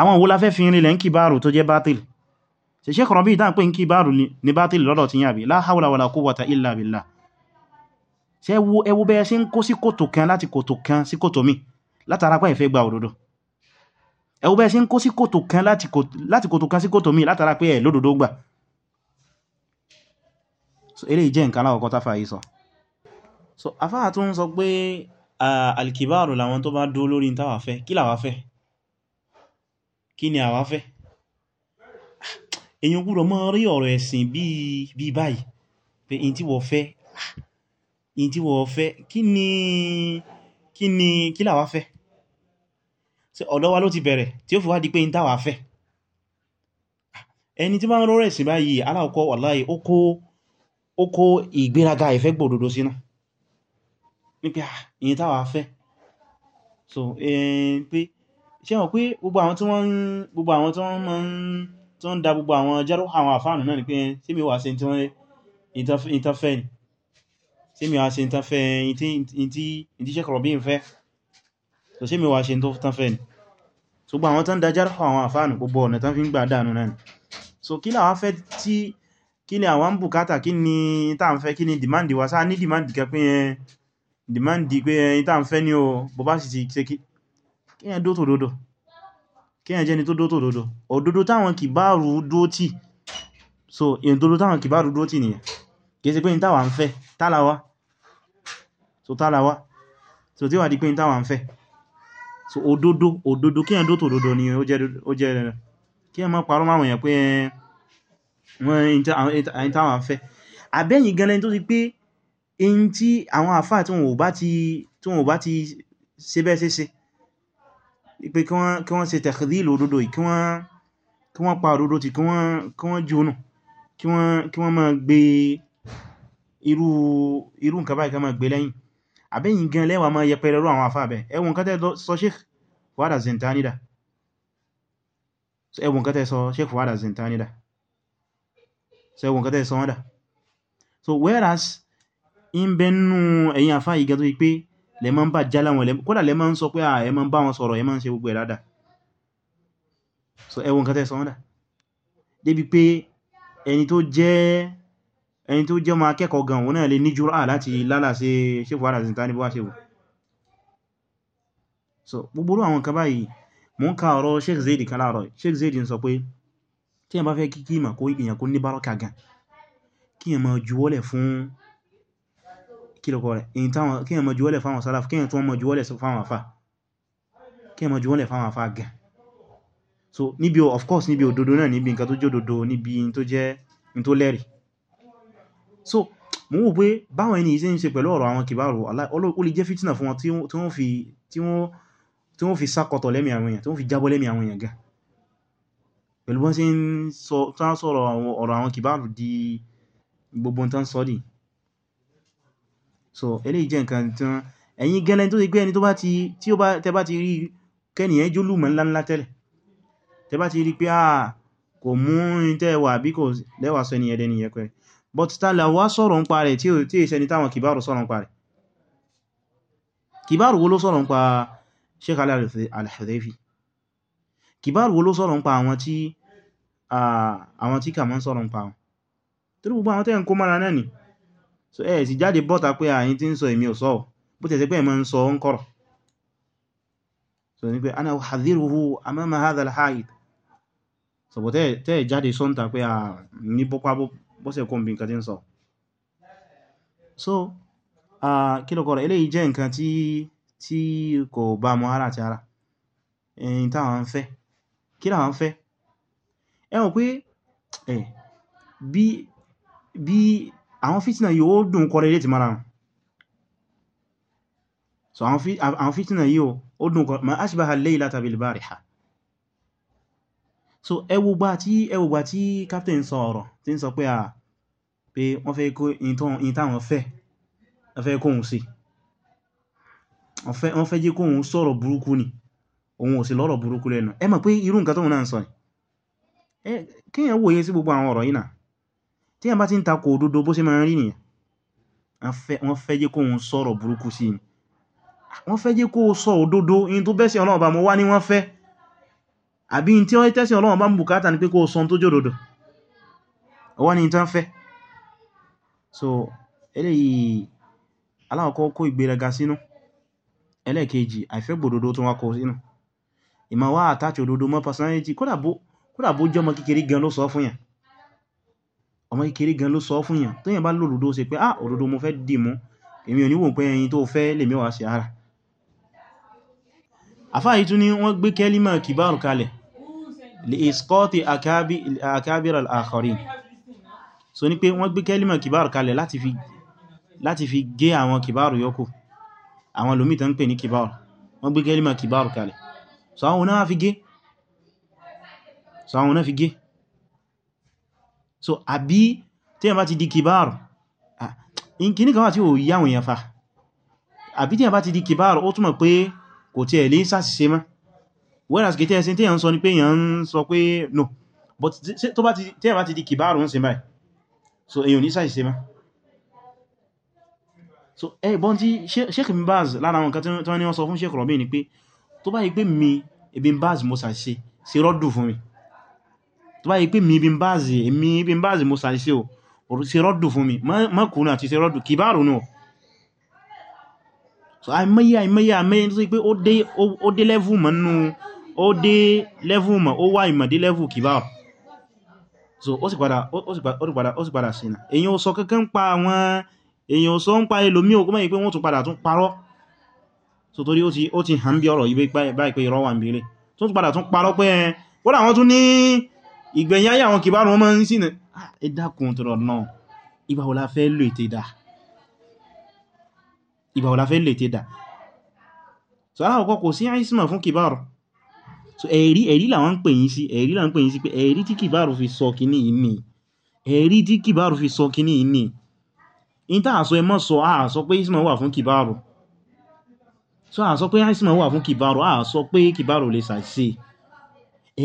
àwọn wo la fẹ́ fi rinlẹ̀ ń kí báàrù tó jẹ́ bátìlì ṣe ṣe kọ̀rọ̀ bí ìdá pé ń kí báàrù ní bátìlì lọ́dọ̀ ti yàbí la hawla wala quwwata illa billah ṣe ẹwú bẹ́ẹ̀ ṣe ń kó sí ẹwọ́ bẹ́ẹ̀ sí ń kó sí kòtò kan láti kòtò kan sí kòtò míì látara pé ẹ̀ lódòdó gbà so eléyìí jẹ́ nǹkan aláwọ̀kọ́ tafà yìí sọ so afáà tún sọ pé alkibaru làwọn tó bá dó lórí tàwà fẹ́ kí làwà fẹ́ kí ni àwà fẹ́ èyàn gbúrọ̀ mọ́ rí ọ̀rọ̀ ẹ̀sìn bí báyìí pé in tí ọ̀dọ́ wa ló ti bẹ̀rẹ̀ tí ó fi wá di pé ń táwà fẹ́ ẹni tí máa ń rọrẹ̀ sí báyìí aláwọ̀kọ́ wàláyé ó kó ìgbéraga ìfẹ́ gbòdòdó sínú nípa ìyìn táwà fẹ́ so pé ṣe wọ́n pé gbogbo àwọn tí wọ́n gbogbo àwọn tí wọ́n máa ń tí wọ́n da gbogbo àwọn jẹ́rọ àwọn àfáànù náà ni pé sí mi wà sí tí wọ́n ìtafẹ́ ni sí mi wà sí ìtafẹ́ ìtí ṣẹ́kọ̀rọ̀ bí n fẹ́ so sí mi so gbogbo àwọn tán dájára àwọn àfáànù gbogbo ọ̀nà tán fi ń gbà dànù náà so kí làwọn fẹ́ tí kí ni àwọn ń kí ni táà fẹ́ kí ni dìmáǹdì wa sáà ní dìmáǹdì kẹ pé ẹn dìmáǹdì pé ẹn táà fẹ́ ní o bó sì ti ṣe kí so ododo ododo kí ẹ̀dọ́ tòdodo ni ó jẹ́ rẹ̀ kí ẹ má parọ́ máwọn èèyàn pé ẹ̀yìn táwọn fẹ́ àbẹ́yìn gan tó ti pé in tí àwọn àfá tí wọn ò bá ti se bẹ́ẹ̀ ṣe ṣe pé kí wọ́n ṣe tẹ̀kìdìlì òdodo kí wọ́n pa òdodo tí kí wọ́n jónù kí wọ́n má gbé irú nǹkan báyìí ká má gbé lẹ́yìn àbẹ́yìn gan lẹ́wà máa yẹpẹrẹ rú àwọn àfáà ẹwùn kan sọ Sheikh Fuad az so whereas in bẹnu ẹ̀yìn àfáà yìí gan tó yí pé lẹ máa ń bá jálá wọn kódà lẹ máa ń sọ pé ẹ máa ń bá wọn sọ̀rọ̀ ẹ máa ń ṣe gbogbo ẹ̀ so ẹwùn kan tẹ́ sọ wọ́n dà débi pé ẹni tó jẹ́ ẹni tó jẹ́ máa kẹ́kọ̀ọ́ gan òun náà lè ní jùrá láti lálà sí ṣífò alàzìn tàbí wá ṣífò so gbogbo àwọn kan báyìí mo ń ka ọ̀rọ̀ Sheikh Zaid kan láàrọ̀ Sheikh Zaid ń sọ pé tí ẹ bá fẹ́ kí kíma kó èyàn kó ní bárọ́kà gan kí ẹ máa juwọ́lẹ̀ fún kílọ̀kọ̀ rẹ̀ kí ẹ máa juwọ́lẹ̀ fáwọn sálàf kí ẹ tó máa juwọ́lẹ̀ fáwọn afá kí ẹ gan so níbi of course níbi òdodo náà níbi nǹkan tó jẹ́ òdodo níbi tó jẹ́ so mo wò pé báwọn ẹni ìṣe ń ṣe pẹ̀lú ọ̀rọ̀ àwọn kìbáàrù ó lè jẹ́ fìtínà fún wọn tí wọ́n fi sákọtọ̀ lẹ́mì àwọn èèyàn tí wọ́n fi jábọ́ lẹ́mì àwọn èèyàn gan pẹ̀lú bọ́n sí ń sọ̀rọ̀ ọ̀rọ̀ àwọn kìbáàrù di gbogbo tán sọ́dì so eléyìí jẹ́ nǹkan tí wọ́n ẹ̀yin gẹ́lẹ́ tó ti gbé ẹni tó bá ti tí ó bá tẹ bá ti rí kẹ́nìyàn jólùmọ̀ ńláńlá tẹ́lẹ̀ tẹ bá ti rí pé à kò mú ìtẹ́wà bí kò lẹ́wà sọ ẹni ẹ̀dẹ́ni yẹpẹrẹ but tààlà wá sọ̀rọ̀ ń pa rẹ̀ tí è sẹni táwọn kìbáàrù sọ̀rọ̀ ń pa rẹ̀ kìbáàrù wo ló sọ̀rọ̀ ń pa Sheikh al-Hudhayfi kìbáàrù wo ló sọ̀rọ̀ ń pa àwọn tí kàmọ́ sọ̀rọ̀ ń pa wọn tó gbogbo àwọn tẹ́yàn kó mara náà ni so ẹ̀ sì jáde bọ́ta pé àyín tí ń sọ èmi ò sọ bó tẹ̀sẹ̀ pé ẹ̀mọ́ ń sọ so ní pé ana uhadhiruhu amama hadha al-haid so bó tẹ́ẹ̀ jáde sọ́ntà pé à kwa bọ́pá bọ́sẹ̀ kọ́ bí nǹkan tí ń sọ so kí ló kọ̀rọ̀ eléyìí jẹ́ nǹkan tí kò bá mọ́ ara ti ara ẹ̀yìn táwọn fẹ́ kí láwọn fẹ́ ẹ̀wọ̀n pé ẹ̀ bí àwọn fìtínà yìí ó dùn kọrẹ létí mara wọn so àwọn fìtínà yìí ó dùn kọrẹ ma ashbaha al-laylata bil-bariha so ẹwùgbà tí ẹwùgbà tí captain sọ ọ̀rọ̀ tí ń sọ pé àà pé wọ́n fẹ́ kó in táwọn fẹ́ wọ́n fẹ́ kóhun sí wọ́n fẹ́ jẹ́ kóhun sọ̀rọ̀ burúkú ni òun ò sí lọ́rọ̀ burúkú lẹ́nu ẹ mọ̀ pé irú nǹkan tóun náà ń sọ ni kíyàn wòye sí gbogbo àwọn ọ̀rọ̀ yìí náà tí yàn bá ti ń takò òdodo bó ṣe máa ń rí nìyàn wọ́n fẹ́ jẹ́ kóhun sọ̀rọ̀ burúkú sí ni wọ́n fẹ́ jẹ́ kó sọ òdodo in tó bẹ́sẹ̀ ọlọ́ọ̀bà mo wá ní wọ́n fẹ́ àbí tí wọ́n tẹ́sìn Ọlọ́run bá ń bùkátà ní pé kó sọ tó jòdòdò ọwọ́ ni tán fẹ́ so eléyìí aláwọ̀kọ́ kó ìgbéraga sínú ẹlẹ́ẹ̀kejì àìfẹ́ gbòdòdó tó wá kó sínú ìmá wá àtàtì òdòdó mọ́ personality kódà bó jẹ́ ọmọ kékeré gan ló sọ fún yàn ọmọ kékeré gan ló sọ fún yàn tó yàn ah òdòdó mo fẹ́ dì mú èmi ò ní wò pé ẹyin tó fẹ́ lè mẹ́wàá sí ara àfáà yìí tún ni wọ́n gbé kẹ́límà kìbáàrù kalẹ̀ li'isqati akabir al-akharin so ní pé wọ́n gbé kẹ́límà kìbáàrù kalẹ̀ láti fi gé àwọn kìbáàrù yòókù àwọn lómi tán ń pè ní kìbáàrù wọ́n gbé kẹ́límà kìbáàrù kalẹ̀ so àwọn náà fi gé so àwọn náà fi gé so àbí tí ẹ bá ti di kìbáàrù ìkíní kan wà tí ò yí èèyàn fa àbí tí ẹ bá ti di kìbáàrù ó túnmọ̀ pé kò tí ẹ̀ sáṣìṣe mọ́ whereas kìí tẹ́ẹ̀sí tí yàn sọ ní pé yàn sọ pé no but tó bá tí yàn bá ti di kìbáàrùn ún sí báyìí so èyàn ní sáì sí má so ẹgbọ́n tí Sheikh Ibn Baz lára wọn kan tí wọ́n ní wọ́n sọ fún Sheikh Rabi ni pé tó bá yí pé mi Ibn Baz mo sàṣe sí rọ́dù fún mi tó bá yí pé mi Ibn Baz mi Ibn Baz mo sàṣe o sí rọ́dù fún mi mọ́kùnrin àti sí rọ́dù kìbáàrùn náà so àìmọ́yé àìmọ́yé àmẹ́yẹ tó sì pé ó dé level mọ́nú ó dé lẹ́fù mọ̀ ó wá ìmọ̀ dé lẹ́fù kìbáà so ó sì padà ó sì padà sínà èyàn ò sọ kankan pa àwọn èyàn ò sọ ń pa ẹlòmí òkú mẹ́yìn pé wọ́n tún padà tún parọ́ so torí ó ti hàn bí ọ̀rọ̀ ibé báyìí pé irọ́ wà ń bèèrè tó tún padà tún parọ́ pé ó làwọn tún ní ìgbẹ̀yìn ayé àwọn kìbáà wọn máa ń sínà ah, ẹ dákun tó rọ̀ náà ìgbà wo la fẹ́ lò ète dà ìgbà wo la fẹ́ lò ète dà so aláwọ̀kọ́ kò sí àìsímọ̀ fún kìbáà so ẹ̀rí ẹ̀rí làwọn ń pè yín sí ẹ̀rí làwọn ń pè yín sí pé ẹ̀rí tí kìbáàrù fi sọ kíní yìí ni ẹ̀rí tí kìbáàrù fi sọ kíní yìí ni in tá àsọ ẹmọ́ sọ àsọ pé isma wà fún kìbáàrù so àsọ pé isma wà fún kìbáàrù àsọ pé kìbáàrù lè ṣàṣe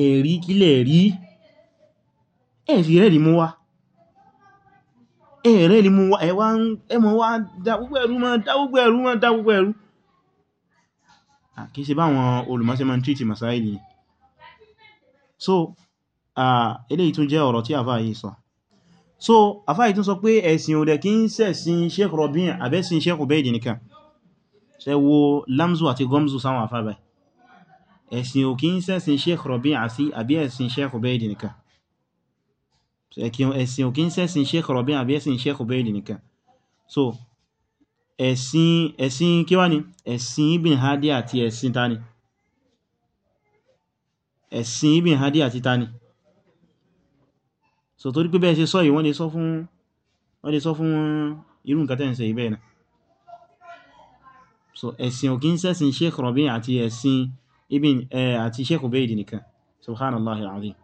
ẹ̀rí kílẹ̀ rí ẹ̀ sì rẹ́ẹ̀rí mú wá ẹ̀rẹ́ mú wá ẹ̀wá ẹmọ wá dá gbogbo ẹ̀rú mọ́ dá gbogbo ẹ̀rú mọ́ dá gbogbo ẹ̀rú Ah, kìí ṣe báwọn olùmọ́sí ma ń treat masáìlì ni so ah, eléyìí tún jẹ́ ọ̀rọ̀ tí àfáà yìí sọ so àfáà yìí tún sọ pé ẹ̀sìn òdẹ̀ kí ń sẹ̀sìn Sheikh Rabi' àbẹ́sìn Sheikh Ubaid nìkan ṣe wo lamzu àti gomzu sáwọn àfáà báyìí ẹ̀sìn òkí ń sẹ̀sìn Sheikh Rabi' àti àbí ẹ̀sìn Sheikh Ubaid nìkan ń sẹ̀sìn Sheikh Rabi' àbí ẹ̀sìn Sheikh nìkan so ẹ̀sìn ẹ̀sìn kí wá ní ẹ̀sìn Ibn Hadi àti ẹ̀sìn tani ẹ̀sìn Ibn Hadi àti tani so torí pé bẹ́ẹ̀ ṣe sọ yìí wọ́n lè sọ fún wọ́n lè sọ fún irú nǹkan tẹ́ ń ṣe ìbẹ́ẹ̀ náà so ẹ̀sìn ò kí ń sẹ́sìn Sheikh Rabi' àti ẹ̀sìn Ibn àti Sheikh Ubayd nìkan subhanallah alazim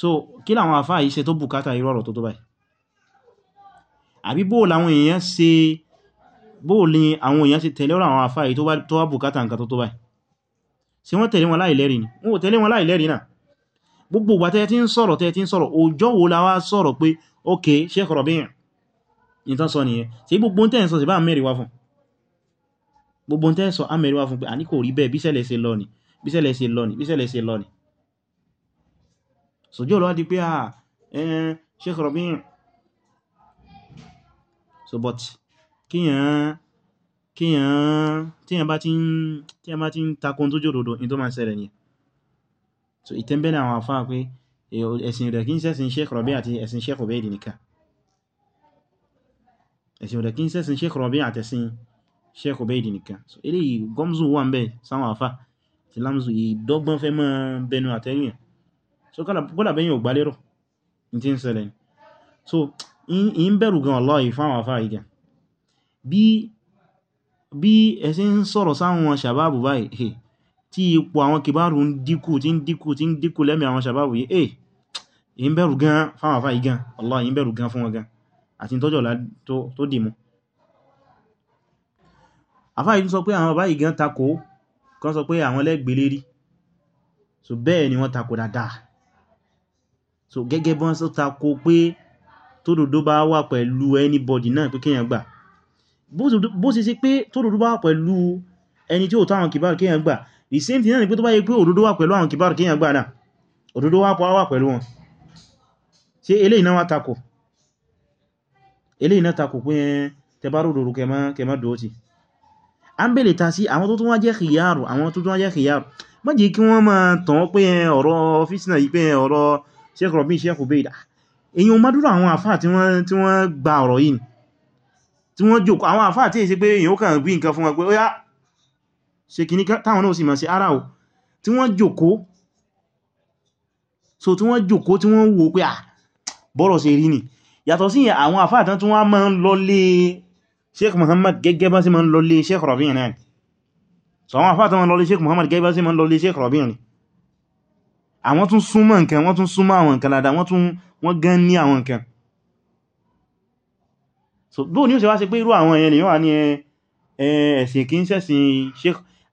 so kí làwọn àfáà yìí ṣe tó bùkátà irú tó tó báyìí àbí bóò làwọn èèyàn ṣe bóò àwọn èèyàn ṣe tẹ̀lé àwọn àfáà tó wá bùkátà nǹkan tó tó báyìí ṣé wọ́n tẹ̀lé wọn láìlẹ́rì ni wọ́n tẹ̀lé wọn láìlẹ́rì náà gbogbo ìgbà tẹ́ ti ń sọ̀rọ̀ tẹ́ ti ń sọ̀rọ̀ ọjọ́ wo la wá sọ̀rọ̀ pé ok Sheikh so but kíyàn kíyàn tíyàn bá ti ń tíyàn bá ti ń takun tó jòdòdó in tó máa ṣẹlẹ̀ ni so ìtẹ́mbẹ̀lẹ̀ àwọn àfáà pé ẹ̀sìn rẹ̀ kí ń ṣẹ̀sìn Sheikh Rabi àti ẹ̀sìn Sheikh Ubaid nìkan ẹ̀sìn rẹ̀ kí ń ṣẹ̀sìn Sheikh Rabi àti ẹ̀sìn Sheikh Ubaid nìkan so eléyìí gọ́mzù wà ń bẹ̀ sáwọn àfáà ti lámzù ìdọ́gbọ́n fẹ́ mọ́ bẹnu àtẹ́yìn so kọ́lá bẹ́yìn ò ní ti ń ṣẹlẹ̀ so in bẹ̀rù gan wallahi fáwọn àfáà yìí gan bí ẹ̀sẹ̀ ń sọ̀rọ̀ sáwọn sàbábù báyìí tí ipò àwọn kìbárù ń díkù tí ń díkù tí ń díkù lẹ́mí àwọn sàbábù yìí eh in bẹ̀rù gan fáwọn àfáà yìí gan wallahi in bẹ̀rù gan fún wọn gan àti tọ́jọ̀ tó dì mú àfáà yìí sọ pé àwọn bàbá yìí gan takò kan sọ pé àwọn lẹ́gbẹ̀ẹ́ lérí so bẹ́ẹ̀ ni wọ́n takò dáadáa so gẹ́gẹ́ bí wọ́n sọ takò tó dòdó bá wà pẹ̀lú anybody náà pé kíyàn gbà bó ṣe ṣe pé tó dòdó bá wà pẹ̀lú ẹni tí ó tó àwọn kìbáàrù kíyàn gbà the same thing náà ni pé tó bá yẹ pé òdòdó wà pẹ̀lú àwọn kìbáàrù kíyàn gbà náà òdòdó wà wà pẹ̀lú wọn ṣe eléyìí náà wá takò eléyìí náà takò pé tẹbárò dòdó kẹmọ́ dòótì a ń bèèrè ta sí àwọn tó tún wá jẹ́ kìyàrù àwọn tó tún wá jẹ́ kìyàrù má kí wọ́n máa tàn pé ọ̀rọ̀ ọ́fíìsì náà yìí pé ọ̀rọ̀ sẹ́kọ̀rọ̀ bí sẹ́kù bèèrè èyí o mọ́dúrà àwọn àfáà tí wọ́n gba ọ̀rọ̀ yìí tí wọ́n jòkó àwọn àfáà tí èsì pé èyí ó kàn wí nǹkan fún wọn pé ó yá ṣe kìní táwọn náà sì mọ̀ sí ara ò tí wọ́n jòkó so tí wọ́n jòkó tí wọ́n wò pé à bọ́rọ̀ ṣe rí ni yàtọ̀ sí àwọn àfáà tí wọ́n máa ń lọ lé Sheikh Muhammad gẹ́gẹ́ bá sí máa ń lọ lé Sheikh Rabi' náà so àwọn àfáà tán lọ lé Sheikh Muhammad gẹ́gẹ́ bá sí máa ń lọ lé Sheikh Rabi' àwọn tún súnmọ́ nǹkan wọ́n tún súnmọ́ àwọn nǹkan dáadáa wọ́n tún wọ́n gan ní àwọn nǹkan so bó ní o ṣe wá ṣe pé irú àwọn èèyàn yíwa ní ẹ̀sìn kí ń sẹ́sìn ṣe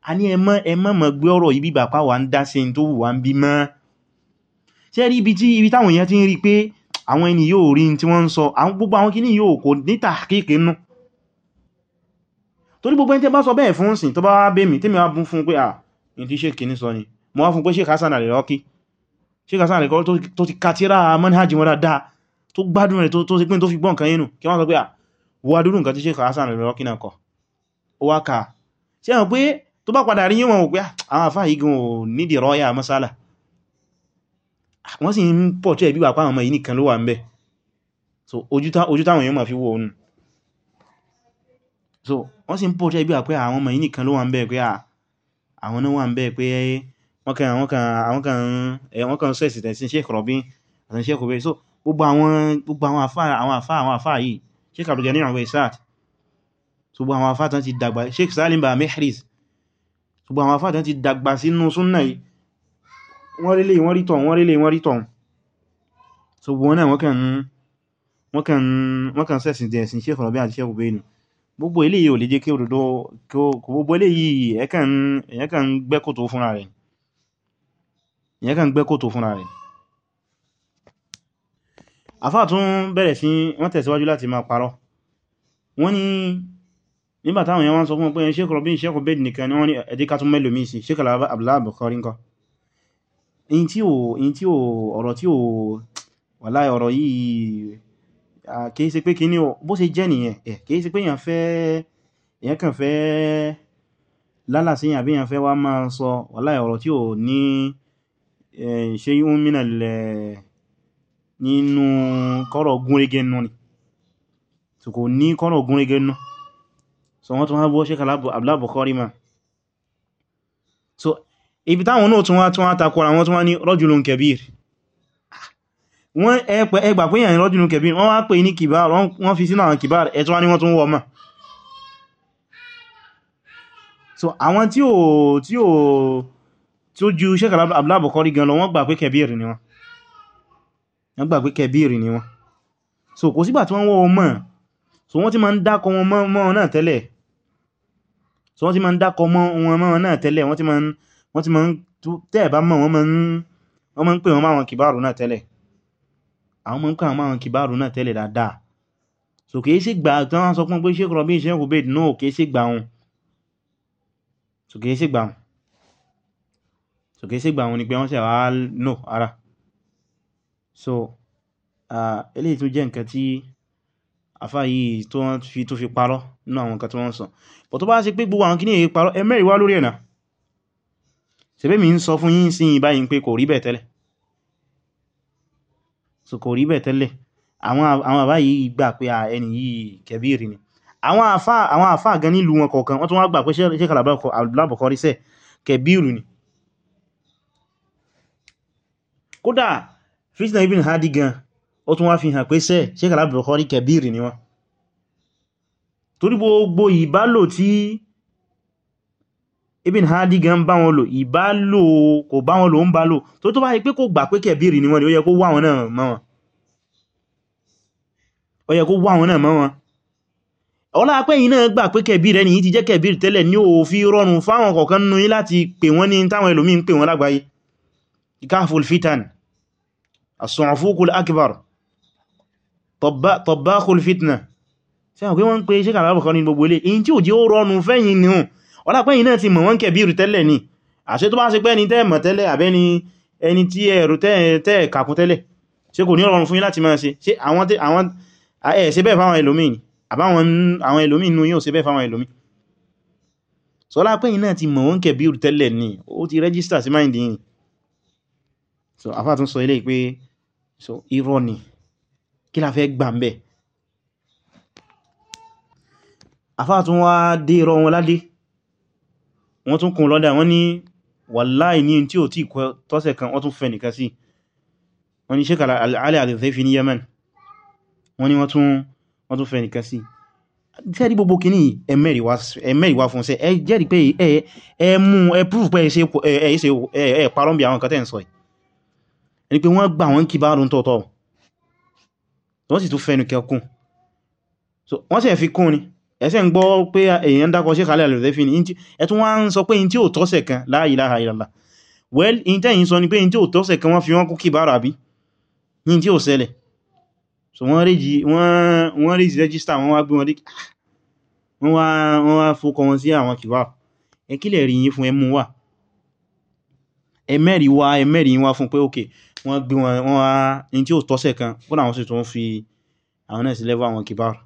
a ní ẹmọ́ ẹmọ́ mọ̀ gbé ọ̀rọ̀ ibi bàpá wà ń dá sí tó wù wá ń bí mọ́ ṣe rí ibi tí ibi táwọn èèyàn ti ń rí pé àwọn ẹni yóò rí tí wọ́n ń sọ gbogbo àwọn kíní yóò kò níta kéèké nú torí gbogbo ẹni tẹ́ bá sọ bẹ́ẹ̀ fún sìn tó bá wá bẹ́ẹ̀ mi tẹ́mi wá bún fún pé à ní ti ṣe kìíní sọ ni mo wá fún pé ṣe kásánà lè lọ́kí ṣe kàsán àrẹ́kọ́ tó ti kàtírà manhajji wọn dáadáa tó gbádùn rẹ̀ tó ti pín tó fi gbọ́n kan yínú kí wọ́n sọ pé à wà dúdú nǹkan tí ṣe kàsán àrẹ́kọ́ kí náà kọ ó wá ká ṣe hàn pé tó bá padà rí yíwọ̀n pé àwọn àfáà yìí gan nídìí rọ́yà masala wọ́n sì ń pọ̀ tó ẹ̀bí wà so ojú táwọn èèyàn máa fi so wọ́n sì ń pọ̀ tó ẹ̀bí wà pé àwọn ọmọ yìí wọ́n kàn àwọn kan àwọn kan wọ́n kan sẹ́ẹ̀sì tẹ̀sí Sheikh Rabi àti Sheikh Ubayy so gbogbo àwọn gbogbo àwọn àfá àwọn àfá àwọn àfá yìí Sheikh Abdul-Ghani àwọn isaac gbogbo àwọn àfá tán ti dàgbà Sheikh Salim bá Mehriz gbogbo àwọn àfá tán ti dàgbà sínú súnnà yìí wọ́n rílé wọ́n rítọ̀ wọ́n rílé wọ́n rítọ̀ so gbogbo náà wọ́n kàn wọ́n kàn wọ́n kàn sẹ́sìn dẹ̀ sí Sheikh Rabi àti Sheikh Ubayy nù gbogbo eléyìí ò lè jẹ́ kí òdòdó gbogbo eléyìí ẹ̀kàn gbẹ́kòtò fúnra rẹ̀ ìyẹn kan gbẹ́ kòtò fúnra rẹ̀ afá tún bẹ̀rẹ̀ sí wọ́n tẹ̀síwájú láti máa parọ́ wọ́n ní nígbà táwọn èèyàn wọ́n sọ fún pé Sheikh Rabi' Sheikh Ubayd nìkan ni wọ́n ní ẹ̀díkà tún mẹ́lò míì sí Sheikh Abdullah Bukhari nǹkan in tí ò in tí ò ọ̀rọ̀ tí ò wàláhì ọ̀rọ̀ yìí kìí ṣe pé kí ní bó ṣe jẹ́ nìyẹn ẹ̀ kìí ṣe pé shay'un eh, minal nínú kọ́rọ̀ gúnrégé nú ni so kò ní kọ́rọ̀ gúnrégé nú so wọ́n tún wá bó ṣe al-Bukhari ma so ibi táwọn náà tún wá tún wá takora wọ́n tún wá ní rajulun kabir wọ́n ẹgbà pé yàn rajulun kabir wọ́n wá pè ní kìbáàrù wọ́n fi sínú àwọn kìbáàrù ẹ̀ tún wá ní wọ́n tún wọ́ mà so àwọn tí ò tí ò tí ju Sheikh Abdul-Bukhari gan lọ wọ́n gbà pé kẹbíìrì ni wọ́n gbà pé kẹbíìrì ni wọ́n so kò sígbà tí wọ́n wọ́ ọmọ so wọ́n ti ma ń dákọ wọn mọ́ náà tẹ́lẹ̀ so wọ́n ti ma ń dákọ wọn mọ́ náà tẹ́lẹ̀ wọ́n ti ma ń wọ́n ti ma ń mọ́ ń pè wọn máwọn wọn máwọn náà tẹ́lẹ̀ so kìí sígbà wọn ni pé wọ́n sẹ̀ wá no ara so eléyìí tó jẹ́ nǹkan tí afá yìí tó wọ́n fi tó fi parọ́ nínú àwọn nǹkan tó wọ́n sọ but tó bá ṣe pé gbogbo àwọn kí ní èyí parọ́ ẹ mẹ́rin wá lórí ẹ̀nà ṣebí mi ń sọ fún yín sí báyìí pé kò rí bẹ́ẹ̀ tẹ́lẹ̀ so kò rí bẹ́ẹ̀ kẹbíìrì ni kódà fitna ibn hadi gan ó tún wá fi hàn pé sẹ́ Sheikh al-Bukhari kẹbírì ni wọ́n torí gbogbo ìbálò tí ibn hadi gan bá wọn lò ìbálò kò bá wọn lò ń bálò tó tó bá yí pé kò gbà pé kẹbírì ni wọ́n ni ó yẹ kó wá wọn náà mọ́ wọn ó yẹ kó wá wọn ọlá pé yìí náà gbà pé kẹbírì ẹni yìí ti jẹ́ kẹbírì tẹ́lẹ̀ ní òfin rọrùn fáwọn kọ̀ọ̀kan nú yí láti pè wọ́n ní táwọn ẹlòmí ń pè wọ́n lágbàáyé ìkáfòl fitan as-su'ufuq al-akbar tabbakh al-fitna ṣe àwọn pé wọ́n ń pè ṣe kàrà bọ̀kan ní gbogbo ilé in tí ò jẹ́ ó rọrùn fẹ́yìn ni hùn ọlápẹ́yìn náà ti mọ̀ wọ́n kẹbí rìtẹ́lẹ̀ ni àṣẹ tó bá ṣe pẹ́ ní tẹ́ mọ̀ tẹ́lẹ̀ àbẹ́ni ẹni tí ẹ̀rù tẹ́ kàkún tẹ́lẹ̀ ṣe kò ní rọrùn fún yín láti máa ṣe ṣe àwọn ẹ̀ ṣe bẹ́ẹ̀ fáwọn ẹlòmíì ni àbáwọn ẹlòmíì nú yóò ṣe bẹ́ẹ̀ fáwọn ẹlòmíì so ọlápẹ́yìn náà ti mọ̀ wọ́n kẹbí rìtẹ́lẹ̀ ni ó ti rẹ́gísítà sí máìndì yìí so afá tún sọ ilé pé so irọ́ ni kí la fẹ́ gbà ń bẹ̀ afá tún wá dé irọ́ wọn ládé wọ́n tún kún lọ́dá wọ́n ní wàláì ní tí ò tí tọ́sẹ̀ kan wọ́n tún fẹ́ nìkan sí wọ́n ní Sheikh Al-Ali Al-Dhaifi ní Yemen wọ́n ní wọ́n tún fẹ́ nìkan sí tẹ́rí gbogbo kìíní ẹ̀mẹ́rì wá fún ṣe ẹ jẹ́rìí pé ẹ mú ẹ proof pé ẹ ṣe parọ́ bí àwọn kan tẹ́ ń sọ yìí ẹni pé wọ́n gbà wọ́n kí bá rùn tọ́tọ́ wọ́n sì tún fẹ́nu kẹkún so wọ́n sì fi kún ni ẹsẹ̀ ń gbọ́ pé èèyàn dákọ̀ ṣe kàlẹ̀ àlùfẹ́ fi ní ẹ̀tún wọ́n ń sọ pé in tí ò tọ́sẹ̀ kan la ilaha illallah well in tẹ́yìn sọ ni pé in tí ò tọ́sẹ̀ kan wọ́n fi wọ́n kú kí bára bí ní tí ò ṣẹlẹ̀ so wọ́n rèjì wọ́n rèjì rẹ́gísítà wọ́n wá gbé wọn díkì wọ́n wá fókọ wọn sí àwọn kìbá ẹkílẹ̀ rí yín fún ẹmú wà ẹmẹ́rìí wá ẹmẹ́rìí wọ́n gbé wọn wọ́n á in tí ó tọ́sẹ̀ kan fún àwọn sì tún fi àwọn náà sí level àwọn kìbára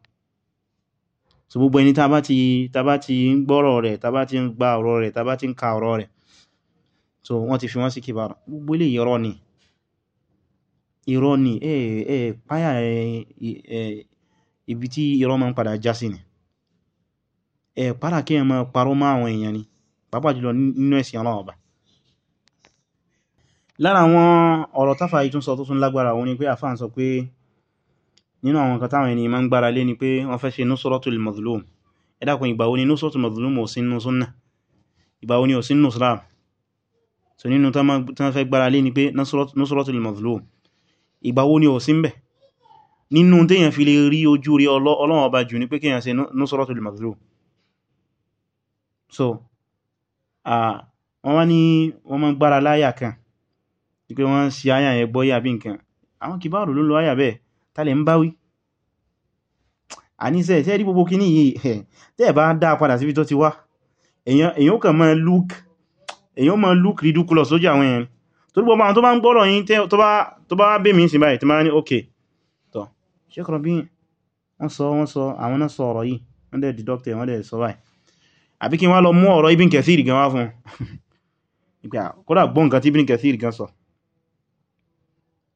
so gbogbo ẹni tàbá ti tàbá ti ń gbọ́rọ̀ rẹ̀ tàbá ti ń gba ọ̀rọ̀ rẹ̀ tàbá ti ń ka ọ̀rọ̀ rẹ̀ so wọ́n ti fi wọ́n sí kìbára gbogbo ilé irọ́ ni irọ́ ni ẹ̀ẹ̀ páyà ibi tí irọ́ máa ń padà já sí ni ẹ̀ padà kí ẹ máa parọ́ mọ́ àwọn èèyàn ni pàápàá jùlọ nínú ẹ̀sìn ọlọ́ọ̀bà lára àwọn ọ̀rọ̀ táfà ìtún sọ tó tún lágbára òun ni pé àfáà sọ pé nínú àwọn nǹkan táwọn ènìyàn gbára lé ni pé wọ́n fẹ́ ṣe nusratul mazlum ẹ dákun ìgbà wo ni nusratul mazlum ò sí nínú súnnà ìgbà wo ni ò sí nínú islam so nínú tán fẹ́ gbára ni pé nusratul mazlum ìgbà wo ni ò sí ńbẹ̀ nínú téèyàn fi lè rí ojú rí Ọlọ́run ọba jù ní pé kéèyàn ṣe nusratul mazlum so wọ́n wá ní wọ́n máa gbára láyà kan tí pé wọ́n sí àyà yẹn gbọ́yà bí nǹkan àwọn kìbáàrù ló lọ àyà bẹ́ẹ̀ tàlẹ̀ ń báwí àníṣẹ́ tẹ́ rí gbogbo kíní yìí tẹ́ bá dá padà síbi tó ti wá èyàn kàn máa look èyàn máa look ridiculous lójú àwọn èèyàn tó gbogbo àwọn tó bá ń gbọ́rọ̀ yín tó bá bẹ́ mi sí báyìí tí máa ní ok tọ́ ṣẹ́kọ̀rọ̀ bí wọ́n sọ wọ́n sọ àwọn náà sọ ọ̀rọ̀ yìí wọ́n dẹ̀ deducted wọ́n dẹ̀ kódà gbọ́n nǹkan tí Ibn Kathir gan sọ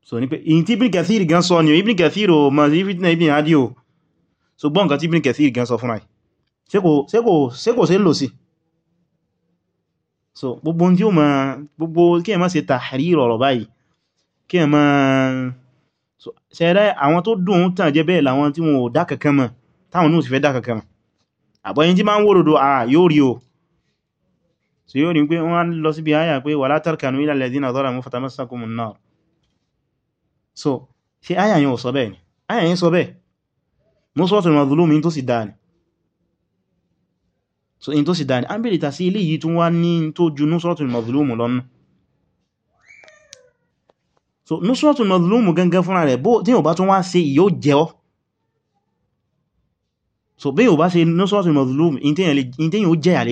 so ní pé in tí Ibn Kathir gan sọ ni o Ibn Kathir o ma sí fitna Ibn Hadi o so gbọ́n nǹkan tí Ibn Kathir gan sọ fúnra se kò ṣe lò sí so gbogbo tí ó ma gbogbo kí ẹ má ṣe tahrir ọ̀rọ̀ báyìí kí ẹ má ṣẹ́rẹ́ àwọn tó dùn tàn jẹ́ bẹ́ẹ̀ làwọn tí wọn ò dá kankan mọ̀ táwọn náà sì fẹ́ dá kankan mọ̀ àbọ̀yìn tí máa ń wòròdó à yóò rí o so yóò rí pé wọ́n lọ síbi ayà pé wala tarkanu ila alladhina zalamu fatamassakumun nar so ṣe aya yẹn ò sọ bẹ́ẹ̀ ni aya yẹn sọ bẹ́ẹ̀ nusratul mazlumi tó sì dáa ni so in tó sì dáa ni a ń bèèrè tàsí ilé yìí tún wá ní tó ju nusratul mazlumu lọ́nà so nusratul mazlumu gangan fúnra rẹ̀ bó tí yóò bá tún wá ṣe yóò jẹ́ so bí yóò bá ṣe nusratul mazlumu in ìyá lè jẹyàn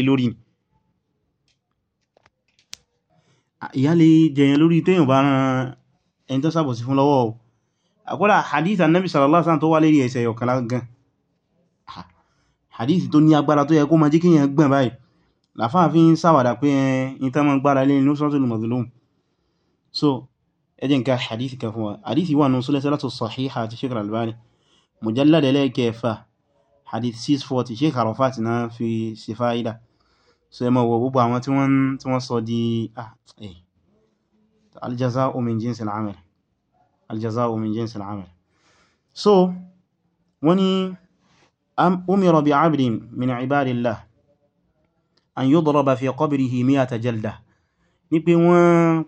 lórí tẹ́yìn bá rán ẹni tó sàbòsí fún lọ́wọ́ o àkọ́lá hadith annabi sallallahu alaihi wasallam tó wá lérí ẹsẹ̀ ọ̀kànlá gan hadith tó ní agbára tó yẹ kó ma jí kíyàn gbẹ̀n báyìí làfáà fi ń sàwàdà pé ẹni tó mọ́ gbára lé inú e suratul mazlum so ẹjẹ́ nǹkan hadith kan fún wa hadith wà nù silsilatu sahiha àti sheikh albani mujallad ẹlẹ́kẹfà hadith 640 sheikh arafat na fi sifaida so ẹ ma wọ gbogbo àwọn tí wọ́n sọ di ah eh aljaza'u min jinsil amal aljaza'u min jinsil amal so wani umira bi abdin min ibadillah an yudraba fi qabrihi mi'ata jalda ní pé wọ́n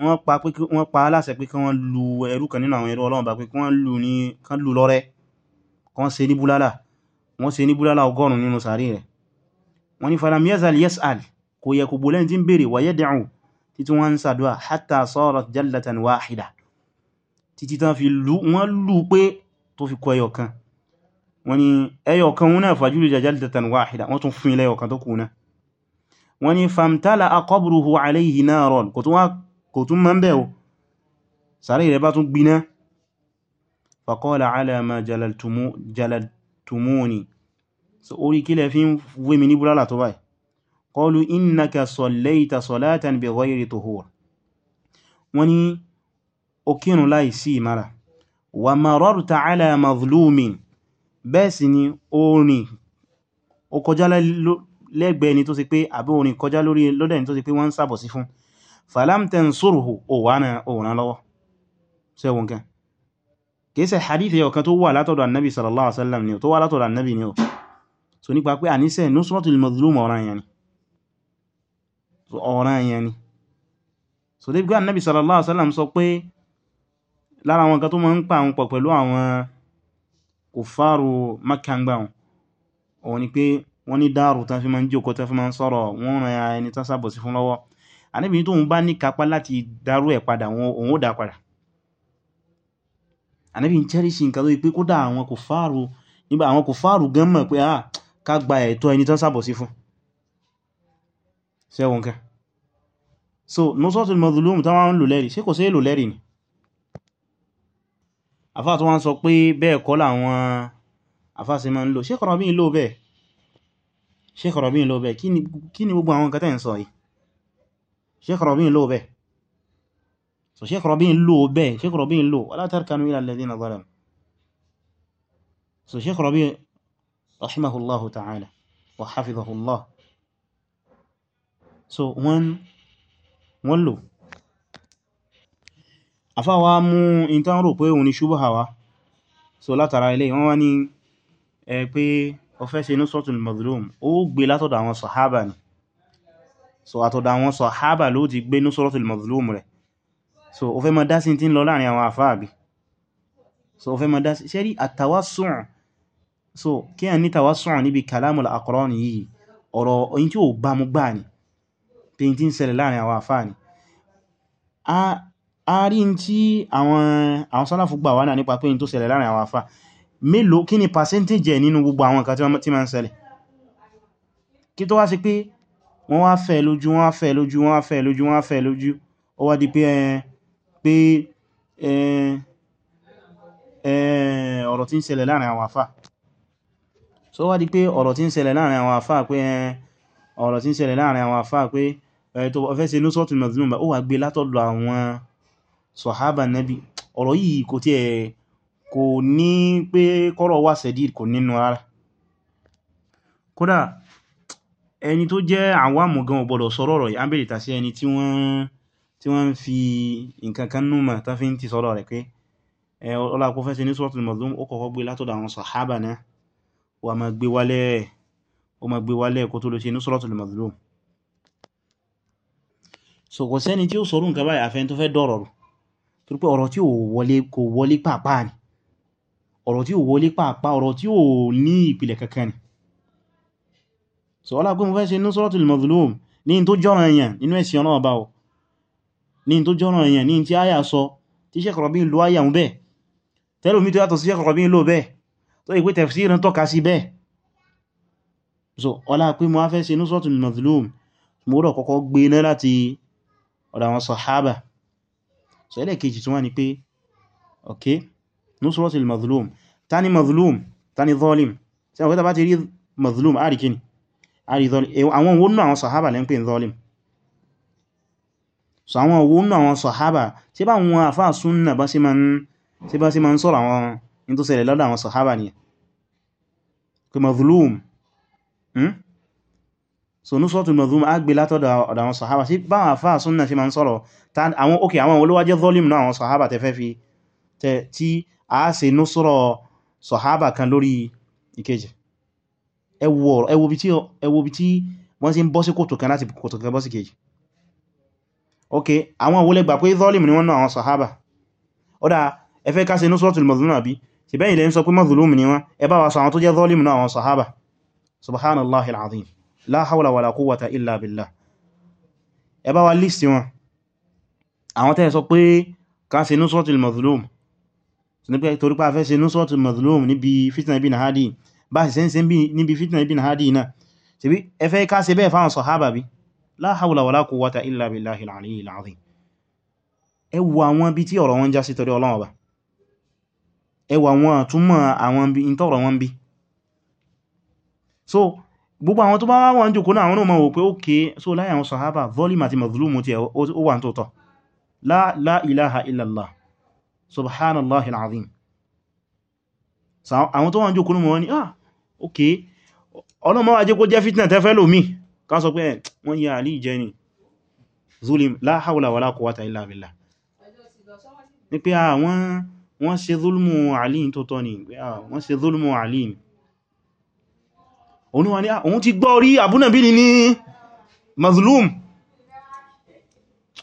wọ́n pa pé wọ́n pa aláṣẹ pé kan lu ẹrú kan nínú àwọn ẹrú Ọlọ́run bá pé kan lu ní kan lu lọ́rẹ́ kan ṣe ní búlálà wọ́n ṣe ní búlálà ọgọ́rùn nínú sàárì rẹ̀ wọ́n ní falam yazal yas'al yẹ kò bo len tin béèrè wa yad'u títí wọ́n ń sàdúwà hatta sarat jallatan wahida títí tán fi lú wọ́n lú pé tó fi kọ ẹyọkan wọ́n ni ẹyọkan wọ́n náà fajulija jallatan wahida wọ́n tún fún ilé ẹyọkan tó kùnà wọ́n ni famtala aqabruhu alayhi naron kò tún mọ́ bẹ̀ o sàárè rẹ̀ bá tún gbiná faqala qalu innaka sallayta salatan bighayri tuhur wọ́n ní ó kírun láì sí ìmára wa mararta ala mazlumin bẹ́ẹ̀ sì ni orin ó kọjá lẹ́gbẹ̀ẹ́ ni tó sì pé àbí orin kọjá lórí lọ́dẹ̀ ni tó sì pé wọ́n ń sàbọ̀ sí fún falam tansurhu òwàna lọ́wọ́ sẹ́wọ̀n kan kìíṣẹ́ hadithi ọ̀kan tó wà látọ̀dọ̀ annabi sallallahu alaihi wasallam ni tó wà látọ̀dọ̀ annabi ni ó so nípa pé àníṣẹ́ nusratul mazlum ọ̀ranyàn ni ọ̀ràn yẹn ni so débi gbá nabi sallallahu alaihi wasallam sọ pé lára àwọn kan tó máa ń pa àwọn pọ̀ pẹ̀lú àwọn kòfàrò makangba wọn ni pé wọ́n ní dáàrù tán fi máa ń jókòó tán fi máa ń sọ̀rọ̀ wọ́n ràn ya ẹni tán sábọ̀ sí fún lọ́wọ́ àníbi tó ń bá ní kápá láti dárú ẹ̀ padà òun ó dá padà àníbi ń cherish nǹkan tó pé kódà àwọn kòfàrò nígbà àwọn kòfàrò gan mọ̀ pé ah ká gba ẹ̀tọ́ ẹni tán sábọ̀ sí fún sẹ́wọ̀n kẹ́ so nusratul mazlum tán wọ́n lò lẹ́rìí ṣe kò sí èlò lẹ́rìí ni àfá tó wọ́n sọ pé bẹ́ẹ̀ kọ́ láwọn àfá ṣe máa ń lò Sheikh Rabi lò bẹ́ẹ̀ Sheikh Rabi lò bẹ́ẹ̀ kí ni gbogbo àwọn kẹtẹ́ ń sọ yìí Sheikh Rabi lò bẹ́ẹ̀ so Sheikh Rabi lò bẹ́ẹ̀ Sheikh Rabi lò wala tarkanu ila alladhina zalamu so Sheikh Rabi rahimahullahu ta'ala wa hafidhahullahu so wọ́n wọ́n lò afáwa mú in tán rò pé òun ni ṣubha wá so látara ilé wọ́n wá ní ẹ pé ọfẹ́ ṣe nusratul mazlum ó gbé látọ̀dọ̀ àwọn sàhábà ni so àtọ̀dọ̀ àwọn sàhábà ló ti gbé nusratul mazlum rẹ̀ so ó fẹ́ má dá sí tí so ó fẹ́ má dá sí so kí a ní tàwásùn níbi kalamul aqrani yìí ọ̀rọ̀ oyin pé tí ń ṣẹlẹ̀ láàrin àwọn àfáà ni a rí n tí àwọn sálàfù gbà wá náà nípa pé n tó ṣẹlẹ̀ láàrin àwọn àfáà mélòó kí ni percentage ẹ̀ nínú gbogbo àwọn nǹkan tí ma ń ṣẹlẹ̀ kí tó wá sí pé wọ́n wá fẹ́ lójú wọ́n wá fẹ́ lójú wọ́n wá fẹ́ lójú wọ́n wá fẹ́ lójú ó wá di pé ọ̀rọ̀ tí ń ṣẹlẹ̀ láàrin àwọn àfáà so wá di pé láàrin àwọn àfáà pé tó fẹ́ ṣe nusratu mazlum ó wà gbé látọ̀dọ̀ àwọn sọ̀hábà nẹ́bí ọ̀rọ̀ yìí kò tí ẹ̀ kò ní pé kọ́rọ̀ wà sẹ̀dí kò nínú ara kódà ẹni tó jẹ́ àwámù gan ọ̀bọ̀dọ̀ sọ̀rọ̀ rọ̀ yìí ábèrè tàṣí ẹni tí wọ́n tí wọ́n ń fi nǹkan kan númọ̀ tán fi ń ti sọ̀rọ̀ rẹ̀ pé ọlá kò fẹ́ ṣe nusratu mazlum ó kọ́kọ́ gbé látọ̀dọ̀ àwọn sọ̀hábà so kò sẹ́ni tí ó sọ̀rọ̀ nǹkan báyìí àfẹ́ tó fẹ́ dọ̀rọ̀ rù torí pé ọ̀rọ̀ tí ò wọlé kò wọlé pàápàá ni ọ̀rọ̀ tí ò wọlé pàápàá ọ̀rọ̀ tí ò ní ìpìlẹ̀ kankan ni so ọlá pé mo fẹ́ ṣe nusratul mazlum ní tó jọ́ràn èèyàn nínú ẹ̀sìn ọ̀nà ọba o ní tó jọ́ràn èèyàn ní tí àyà so ọlá pé mo fẹ́ ṣe nusratul mazlum mo rọ̀ kọ́kọ́ gbé náà láti ọ̀dọ̀ àwọn sahaba so ẹlẹ́kejì tí wọ́n ni pé ok nusratul mazlum tani mazlum tani zalim tí wọ́n kẹta bá ti rí mazlum àrí kíni àrí zalim àwọn owó nù àwọn sahaba lẹ́ ń pè ní zalim so àwọn owó nù àwọn sahaba ń sọ̀rọ̀ so ní sọ́tún mazum a gbé látọ́dọ̀ àwọn sahaba sí bá wọn fà súnnà sí ma ń sọ́rọ̀ àwọn òkè àwọn olówájẹ́ zolim náà àwọn sahaba tẹ fẹ́ fi tẹ tí a ṣe ní sọ́rọ̀ sahaba kan lórí ìkejì ẹwọ bí tí wọ́n sì ń bọ́ sí kòtò kan láti kòtò kan bọ́ sí kejì ok àwọn òwúlẹ̀ gbà pé zolim ni wọ́n náà àwọn sahaba ọ̀dá ẹ fẹ́ ká ṣe ní lẹ́yìn sọ pé mazulum ni wọ́n ẹ wa sọ àwọn tó jẹ́ zolim náà àwọn sahaba subhanallahil azim la hawla wala quwwata illa billah ẹ bá wa list wọn àwọn tẹ́ sọ pé ká ṣe nusratul mazlum torí pé a fẹ́ ṣe nusratul mazlum níbi fitna ibn hadi bá ṣe ṣe níbi fitna ibn hadi náà ṣe bí ẹ fẹ́ ká ṣe bẹ́ẹ̀ fáwọn sàhábà bí la hawla wala quwwata illa billahi al-ali so gbogbo àwọn tó bá wà wọ́n jòkó náà àwọn náà mọ̀ wò pé ókè so láyé àwọn sàhábà volume àti mazlumu ti ó wà tó tọ́ la ilaha illallah subhanallahi alazim àwọn tó wà jòkó náà wọ́n ni ah ókè ọlọ́mọ́ wà jẹ́ kó jẹ́ fitna tẹ́fẹ́ lómi ká sọ pé eh, wọ́n yà alì jẹ́ ni zulim la hawla wala ah, zulmu alì òun wà ní ah, òun ti gbọ́ rí àbúnàbí ní mazlum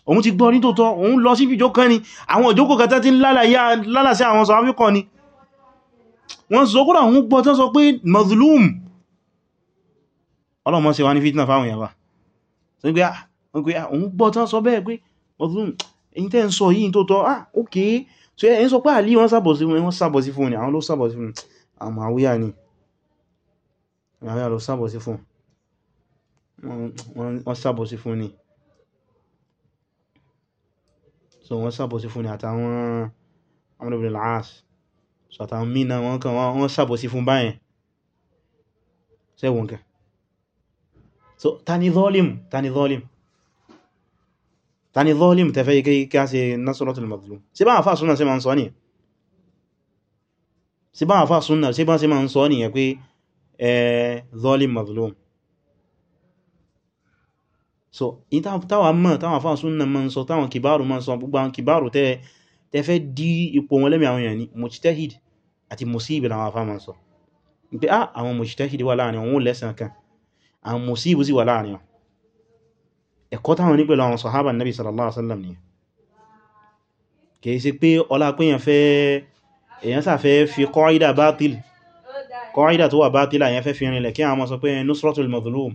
òun ti gbọ́ rí tótọ́ òun lọ sí fìjó kan ni àwọn ìjókòó kẹta ti lálàsí àwọn sọ afíkọ ni wọ́n sọ kúrò àwọn gbọ́ tán sọ pé mazlum ọlọ́mọ ṣe wá ní fitna fáwọn yàwá ah, ah, òun pé mazlum èyí tẹ́ sọ yìí ah ok so ẹ̀yìn sọ pé àlí wọ́n sábọ̀ sí fún ni àwọn ni àwọn ará lọ sábọ̀sí fún wọ́n sábọ̀sí fún ni so wọ́n sábọ̀sí fún ni àtàwọn Amr ibn al-As so àtàwọn mínà wọ́n kan wọ́n sábọ̀sí fún báyẹn sẹ́wọ̀n kan so tani zolim tani zolim tani zolim tẹfẹ́ kí a ṣe nasaratul mazlum sí bá àfáà súnà sí ma ń sọ ní sí bá àfáà súnà sí bá sí ma ń sọ ní zalim mazlum so táwọn mọ̀ táwọn afáà súnnà mọ́ sọ táwọn kìbáàrù mọ́ sọ gbogbo àwọn kìbáàrù tẹ́ fẹ́ dí ipò wọn lẹ́mí àwọn èèyàn ní mujtahid àti musib làwọn afáà mọ́ sọ pé á ah, àwọn mujtahid wà láàrin wọn lẹ́sàn kan àwọn musib sì wà láàrin wọn ẹ̀kọ́ táwọn ní pẹ̀lú àwọn sahaba nabi sallallahu alaihi wasallam ni kìí ṣe pé ọlá pé èèyàn fẹ́ èèyàn sàfẹ́ fi qaida batil kọ́ídà tó wà bá tílà yẹn fẹ́ fi rinlẹ̀ kí a mọ́ sọ pé nusratul mazlum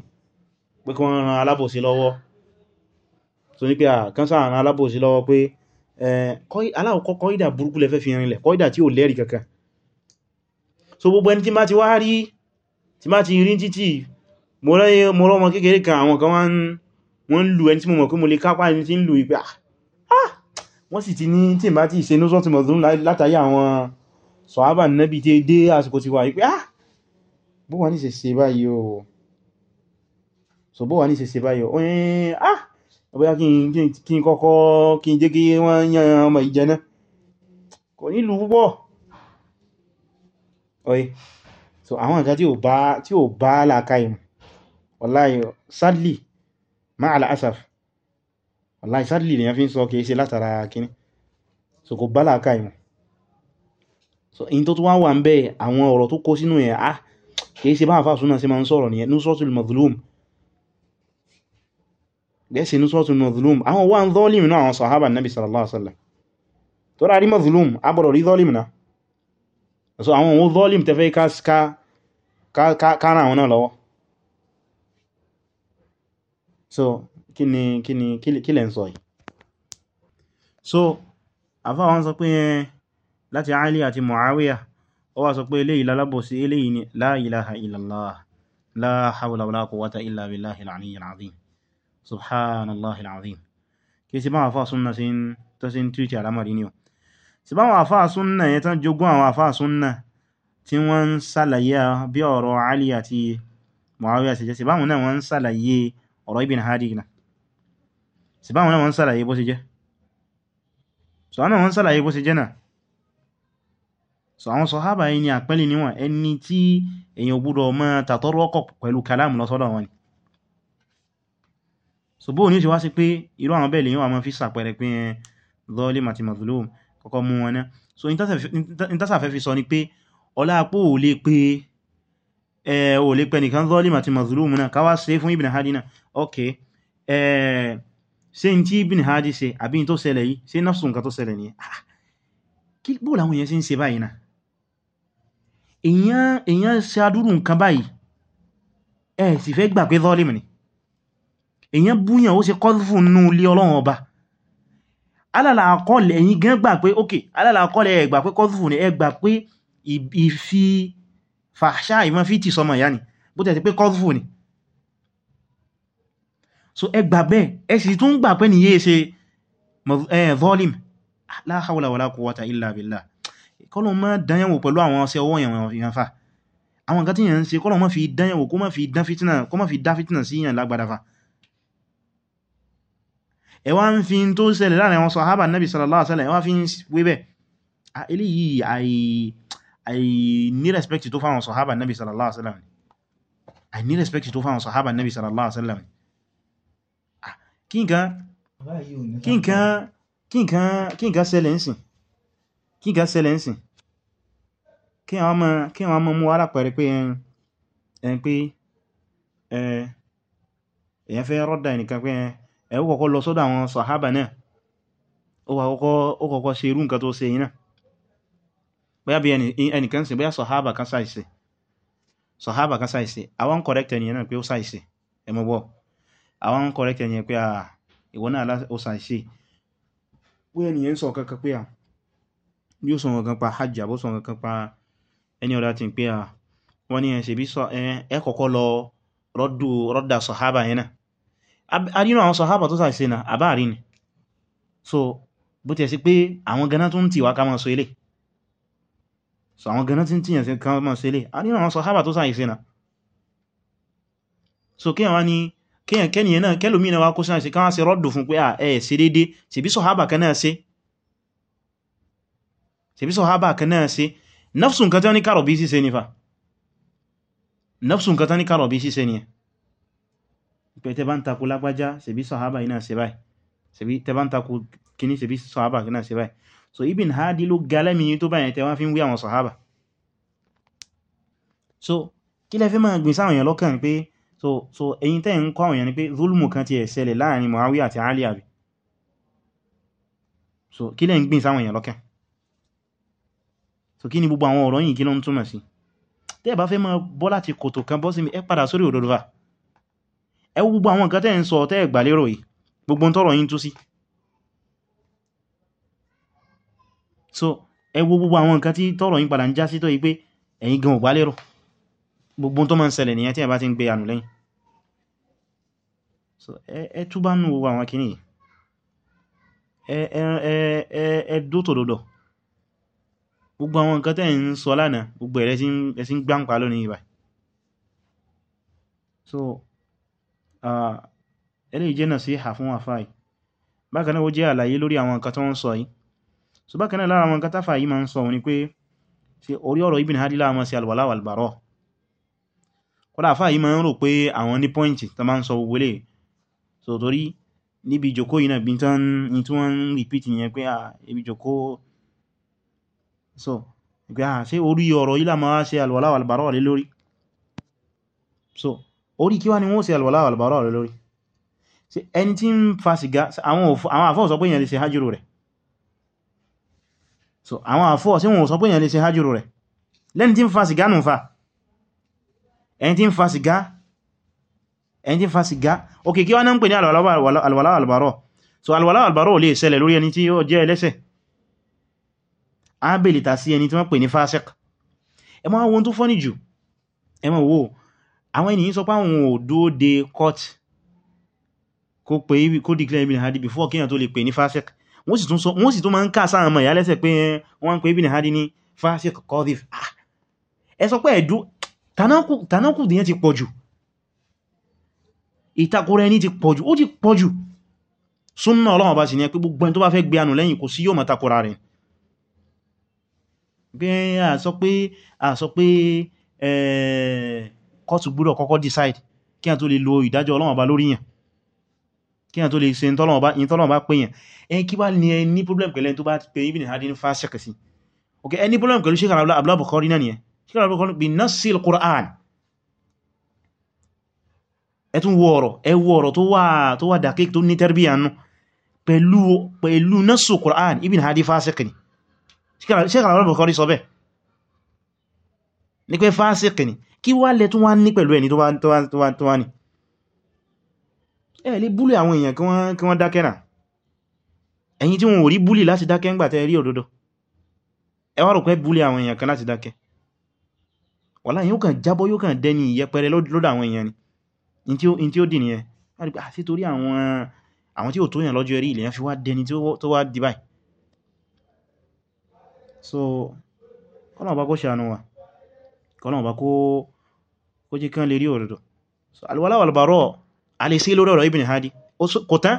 pé kí wọ́n ran alábòsí lọ́wọ́ so ní pé à kánsà ran alábòsí lọ́wọ́ pé aláwọ̀kọ́ kọ́ídà burúkú lẹ́fẹ́ fi rinlẹ̀ kọ́ídà tí ò lẹ́rì kankan so gbogbo ẹni tí má ti wá rí tí má ti rí títì mo rọ́mọ kékeré kan àwọn kan wọ́n ń lu ẹni tí mo mọ̀ pé ń látàrí àwọn sọ̀hábà nẹ́bí tí dé àsìkò ti wà yìí pé ah bó wà ní ṣe ṣe báyìí o so bó wà ní ṣe ṣe báyìí o oyin ah ọbọ̀yá kí n kọ́kọ́ kí n jẹ́ kí wọ́n yan ọmọ ìjẹná kò nílù púpọ̀ oye so àwọn nǹkan tí ò bá láàkáyì mu wallahi sadly ma'al asaf wallahi sadly lèyàn fi ń sọ kìí ṣe látara kíní so kò bá láàkáyì mu so in tó tún wá wà ń bẹ́ àwọn ọ̀rọ̀ tó kó sínú ẹ̀ ah kìí ṣe bá àfà súnà sí ma ń sọ̀rọ̀ nìyẹn nusratul mazlum gẹ́ẹ̀sì nusratul mazlum àwọn wà ń zọ́lìm náà àwọn sàhábà nabi sallallahu alaihi wasallam tó rárí mazlum abọ̀rọ̀ rí zọ́lìm náà so àwọn òun zọ́lìm so kí ni kí ni so àfà wọn sọ pé láti Ali àti Muawiya ó wá sọ pé eléyìí lalábòsí eléyìí ni la ilaha illallah la hawla wala quwwata illa billahi al-ali al-azim subhanallahi al-azim kí sí báwọn àfáà súnnà sí tó sí ń tíwìtì alamari ni o sí báwọn náà wọ́n sàlàyé bó ṣe jẹ́ náà so àwọn sọ̀hábà yìí ni àpẹ́lẹ̀ níwọ̀n ẹni tí èyàn gbọ́dọ̀ mọ́ tàtọ́rọ́kọ̀ pẹ̀lú kalam lọ́sọ́dọ̀ wọn ni so bóò ní ó ṣe wá sí pé irú àwọn bẹ́ẹ̀ lèyàn mọ́ fi sàpẹrẹ pé ẹn àti mazlum kọ́kọ́ mú wọn so intásàfẹ́ fi sọ ni pé ọlá apó ò lè pé ò lè pẹ nìkan zọ́ọ́lé àti mazlum náà káwá ṣe fún ibn hadi náà ok ṣe n tí ibn hadi ṣe àbí n tó ṣẹlẹ̀ yìí ṣe nǹkan tó ṣẹlẹ̀ ah, bóò làwọn ṣe ń ṣe báyìí náà èyàn èyàn ṣe adúrú nǹkan báyìí ẹ sì fẹ́ gbà pé zọ́límù ni èyàn búyàn ó ṣe kọ́lùfù nú ilé ọlọ́run ọba alàlà àkọọ́lẹ̀ ẹ̀yin gan gbà pé ok alàlà àkọọ́lẹ̀ ẹ gbà pé kọ́lùfù ni ẹ gbà pé ìfi fàṣà ìmọ̀ fi ti sọmọ ìyá bó tẹ̀ pé kọ́lùfù ni so ẹ gbà bẹ́ẹ̀ ẹ sì tún gbà pé nìyé ṣe zọ́límù la hawla wala quwwata illa billah kọ́lọ̀ má dányẹ̀wò pẹ̀lú àwọn ọsẹ ọwọ́ èèyàn fa àwọn nǹkan tí èèyàn ń ṣe kọ́lọ̀ má fi dányẹ̀wò kó má fi dá fìtínà kó má fi dá fìtínà sí èèyàn lágbàdá fa ẹ wá ń fi tó ṣẹlẹ̀ láàrin àwọn sàhábà Nabi sallallahu alaihi wasallam ẹ wá fi ń wé bẹ́ẹ̀ eléyìí àìní respect tó fáwọn sàhábà Nabi sallallahu alaihi wasallam àìní respect tó fáwọn sàhábà Nabi sallallahu alaihi wasallam kí nǹkan ṣẹlẹ̀ ń sìn kí ga ṣẹlẹ̀ ń sìn kí wọ́n mọ́ mú wá lápẹẹrẹ pé ẹn pé èyàn fẹ́ rọ́dà ẹnìkan pé lọ sọ́dọ̀ àwọn sàhábà náà ó kọ́kọ́ ṣe irú nǹkan tó ṣe yìí náà bóyá bí ẹnìkan sí bóyá kan ṣàìsì sàhábà kan ṣàìsì àwọn correct ẹnìyàn náà pé ó ṣàìsì ẹmọ́bọ̀ àwọn correct ẹnìyàn pé à ìwọ náà ó ṣàìsì pé sọ kankan pé à yóò sọ nǹkan pa hajj àbó sọ nǹkan pa any other thing pé à wọ́n ní ẹ̀ṣẹ̀ bí sọ ẹ kọ́kọ́ lọ rọ́dù rọ́dà sọ̀hábà yẹn náà arínú àwọn sọ̀hábà tó sàìsẹ́ náà àbá àrí ni so bó ti ẹ̀ sí pé àwọn ganá tó ń tì wá ká máa sọ ilé so àwọn ganá tí ń tìyàn sí ká máa sọ ilé arínú àwọn sọ̀hábà tó sàìsẹ́ náà so kéèyàn wá ní kéèyàn kẹ́niyàn náà kẹ́lòmínà wá kó sáà sí ká wá sí rọ́dù fún pé ṣebí sọ̀hábà kan náà sí nafsu nǹkan tán ní kàrọ̀ bí síse ní fa nafsu nǹkan tán ní kàrọ̀ bí síse ní pẹ̀ tẹ́ bá ń takú lágbájá ṣebí sọ̀hábà iná iná sí báyìí so Ibn Hadi ló galẹ́mi tó báyìí tẹ́ wá fi ń wí àwọn sọ̀hábà so kí lẹ fẹ́ máa gbìn sáwọn èèyàn lọ́kàn pé so so ẹ̀yin tẹ́ ń kọ́ àwọn èèyàn ni pé zulmù kan ti ẹ̀ láàrin Muawiya àti Ali so kí lẹ ń gbìn sáwọn èèyàn lọ́kàn so kí ni gbogbo àwọn ọ̀rọ̀ yìí kí ló ń túmọ̀ sí tẹ́ bá fẹ́ máa bọ́ láti kòtò kan bọ́ sí mi ẹ padà sórí òdodo wa ẹ wo gbogbo àwọn nǹkan tẹ́ ń sọ tẹ́ ẹ̀gbà yìí gbogbo ń tọ́rọ̀ tú sí so ẹ wo gbogbo àwọn nǹkan tí tọ́rọ̀ yín padà ń já sí tó yí pé ẹ̀yin gan ò gbà lérò gbogbo tó máa ń ṣẹlẹ̀ nìyẹn tí ẹ bá ti ń gbé ànù lẹ́yìn so ẹ túbá gbogbo àwọn kìíní ẹ ẹ ẹ ẹ dótòdòdò gbogbo àwọn nǹkan tẹ́ ń sọ lánàá gbogbo ẹ̀rẹ́ sí ń gbáǹpa lónìí ibà so eléyìí jẹ́ nasiha fún àfáà yìí bákan náà ó jẹ́ àlàyé lórí àwọn nǹkan tó ń sọ yìí so bákan náà lára àwọn nǹkan táfà yìí máa ń sọ ní pé ṣe orí ọ̀rọ̀ Ibn Hadi láàmọ́ sí alwala so torí níbi ìjòkó yìí náà bí repeat yẹn pé ibi ìjòkó so pé à ṣe orí ọ̀rọ̀ yìí la máa ṣe alwala wal bara lé lórí so orí kí wá ni wọ́n ṣe alwala wal bara lé lórí ṣé ẹni tí ń fa sìgá àwọn àfọ́ sọ pé èyàn lè ṣe hajjúrò rẹ̀ so àwọn àfọ́ sí wọn sọ pé èyàn lè ṣe hajjúrò rẹ̀ lẹ́ni tí ń fa sìgá nù fa ẹni tí ń fa sìgá ẹni tí ń fa sìgá ok kí wá ní ń pè alwala wal bara so alwala wal bara lè ṣẹlẹ̀ lórí ẹni tí ó jẹ́ ẹlẹ́ṣẹ̀ ábèlìta sí ẹni tí wọ́n pè ní fásik ẹ máa wọn tó fọ́nì jù ẹ máa wò àwọn ènìyàn sọ pé ò dúó de court kó pé kó declare Ibn Hadi before kíyàn tó lè pè ní fásik wọ́n sì tún máa ń kà sáà mọ̀ ìyálẹ́sẹ̀ pé eh, wọ́n ń pè Ibn Hadi ní fásik qadhif ah! ẹ sọ pé ẹ̀dú tanákù dìyàn ti pọ̀jù ìtakùrẹ ní ti pọ̀jù ó ti pọ̀jù súnnà Ọlọ́run bá sì ní ẹ pé gbogbo ẹni tó bá fẹ́ gbé anù lẹ́yìn kò sí yóò mọ̀ takùrà rẹ̀ bí a sọ pé a sọ pé kọ́tù gbúdọ̀ kọ́kọ́ decide kí a tó lè lo ìdájọ́ Ọlọ́run Ọba lórí yàn kí a tó lè ṣe ìtọ́lọ́wọ̀n bá pè yàn ẹn kí bá ní ẹni problem pẹ̀lẹ́ tó bá pè Ibn Hadi ní fásẹ̀kẹ̀ sí ok ẹni problem pẹ̀lú Sheikh Abdul Bukhari náà nìyẹn Sheikh Abdul Bukhari bí Qur'an ẹtún wo ọ̀rọ̀ ẹwọ ọ̀rọ̀ tó wà tó wà dàkík tó ní tẹ́rbíyàn nù pẹ̀lú nassu Qur'an Ibn Hadi fásẹ̀kẹ̀ ṣe kàrà ọ̀rọ̀ kọrí sọ bẹ́ ní pé fásíkì ni kí wá lẹ tún wá ní pẹ̀lú ẹni tó wá ní ẹ lè búlì àwọn èèyàn kí wọ́n dákẹ́ náà ẹ̀yin tí wọ́n ò rí búlì láti dákẹ́ ńgbà tẹ́ rí òdodo ẹ wá rò pé búlì àwọn èèyàn kan láti dákẹ́ wàlá yóò kàn jábọ́ yóò kàn dẹni ìyẹpẹrẹ lọ́dọ̀ àwọn èèyàn ni in tí ó dì nìyẹn ò tó yàn lọ́jọ́ rí ilẹ̀ fi wá dẹni tó wá dì so kọ́lọ̀n ọba kó ṣàánú wa kọ́lọ̀n ọba kó jí kán lè rí òdodo so alwala wal bara a lórí ọ̀rọ̀ Ibn Hadi kò tán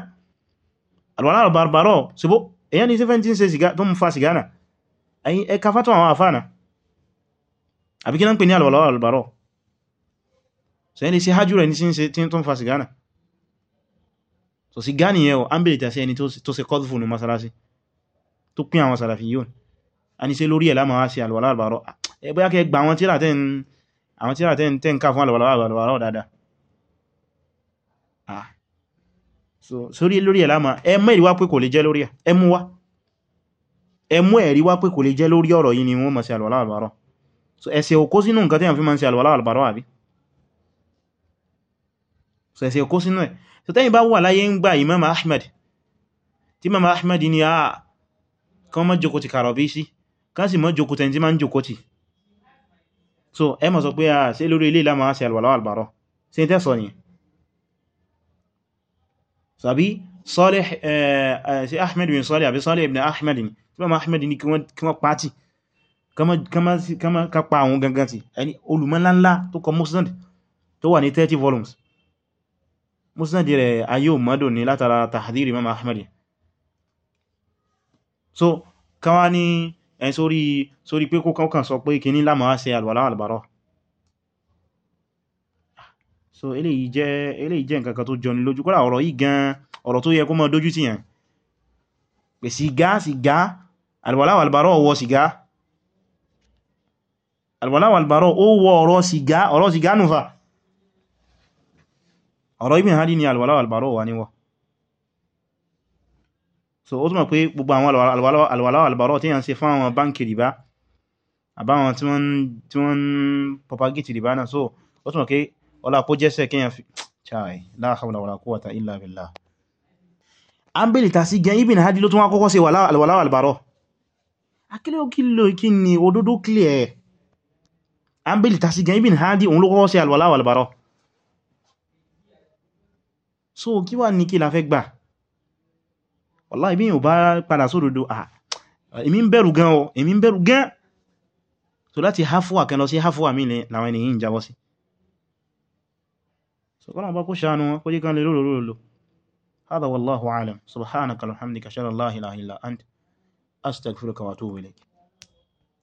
alwala wal bara ṣubó èyàn ni 17 tó mú fa sìgá náà ayin ẹka fátọ̀ àwọn àfáà náà àbí kí náà ń pè ní alwala wal bara so ẹni hajjú rẹ̀ ní tí tó fa sìgá náà so sìgá nìyẹn o an bèèrè tàṣí ẹni tó ṣe kọ́dùfù masalasi tó pín àwọn sàràfí a ní ṣe lórí ẹ̀ lámàá sí alwala albarọ́ ẹgbẹ́ kẹ gba àwọn tíra tẹ́n tẹ́n ká fún alwala albarọ́ dáadáa sórí lórí ẹ̀ lámàá ẹmú ẹ̀rí wá pé kò lè jẹ́ lórí ẹ̀ ẹmú wá ẹmú ẹ̀rí pé kò lè jẹ́ lórí ọ̀rọ̀ yìí ni wọ́n mọ̀ sí alwala so ẹsẹ̀ òkó sínú nǹkan tẹ́yàn fi máa ń sí alwala àbí so ẹsẹ̀ òkó sínú ẹ̀ so tẹ́yìn bá wà láyé ń gba Imam Ahmed tí Imam Ahmad ni a ah, kan mọ́ jókòó ti kàrọ̀ bí sí kásì mọ́ jòkó tẹ́ tí ma ń jòkó tì so ẹ mọ̀ sọ pé a ṣe lórí ilé ìlàmà ṣe alwàláwà albàrọ̀ sí tẹ́sọ̀ ni sàbí Salih sí Ahmed bin Salih àbí Salih ibn Ahmed ni tí Ahmed ni kí wọ́n pàtì ká kama àwọn gangan ti ẹni olùmọ́láńlá tó kọ Musnad tó wà ní volumes Musnad rẹ̀ ayé òmọ́dò ni látara tahdhir Imam Ahmed so káwá ni ẹn sórí sórí pé kó kọ́kàn sọ pé kìíní lámọ̀ á ṣe alwala albara so eléyìí jẹ́ eléyìí jẹ́ nǹkan kan tó jọni lójú kọ́lá ọ̀rọ̀ yìí gan ọ̀rọ̀ tó yẹ kó mọ́ dójú tì yẹn pè sìgá sìgá alwala albara ọwọ́ sìgá alwala albara ó wọ ọ̀rọ̀ sìgá ọ̀rọ̀ sìgá nùfà ọ̀rọ̀ Ibn ni alwala so ó túnmọ̀ pé gbogbo àwọn alwàláwà albarọ́ tí yàn ṣe fún àwọn báńkì rìbá àbáwọn tí wọ́n ń propagate rìbá náà so ó túnmọ̀ pé ọlá kó jẹ́sẹ̀ kíyàn la hawla wala quwwata illa billah an bèèrè tàsí gan Ibn Hadi ló tún wá kọ́kọ́ ṣe alwàláwà albarọ́ akílẹ̀ ó kí lò kí ni òdodo clear so kí wà ní kí la fẹ́ gbà wàláhì bí yíò bá padà sódodo à ah, èmi ń bẹ̀rù gan o èmi ń bẹ̀rù gan so láti hafuwa kan lọ sí hafuwa mi làwọn ènìyàn ń sí so bá kó ṣàánú wọn kó jí هذا والله أعلم سبحانك والحمدك أشهد أن لا إله إلا أنت أستغفرك وأتوب إليك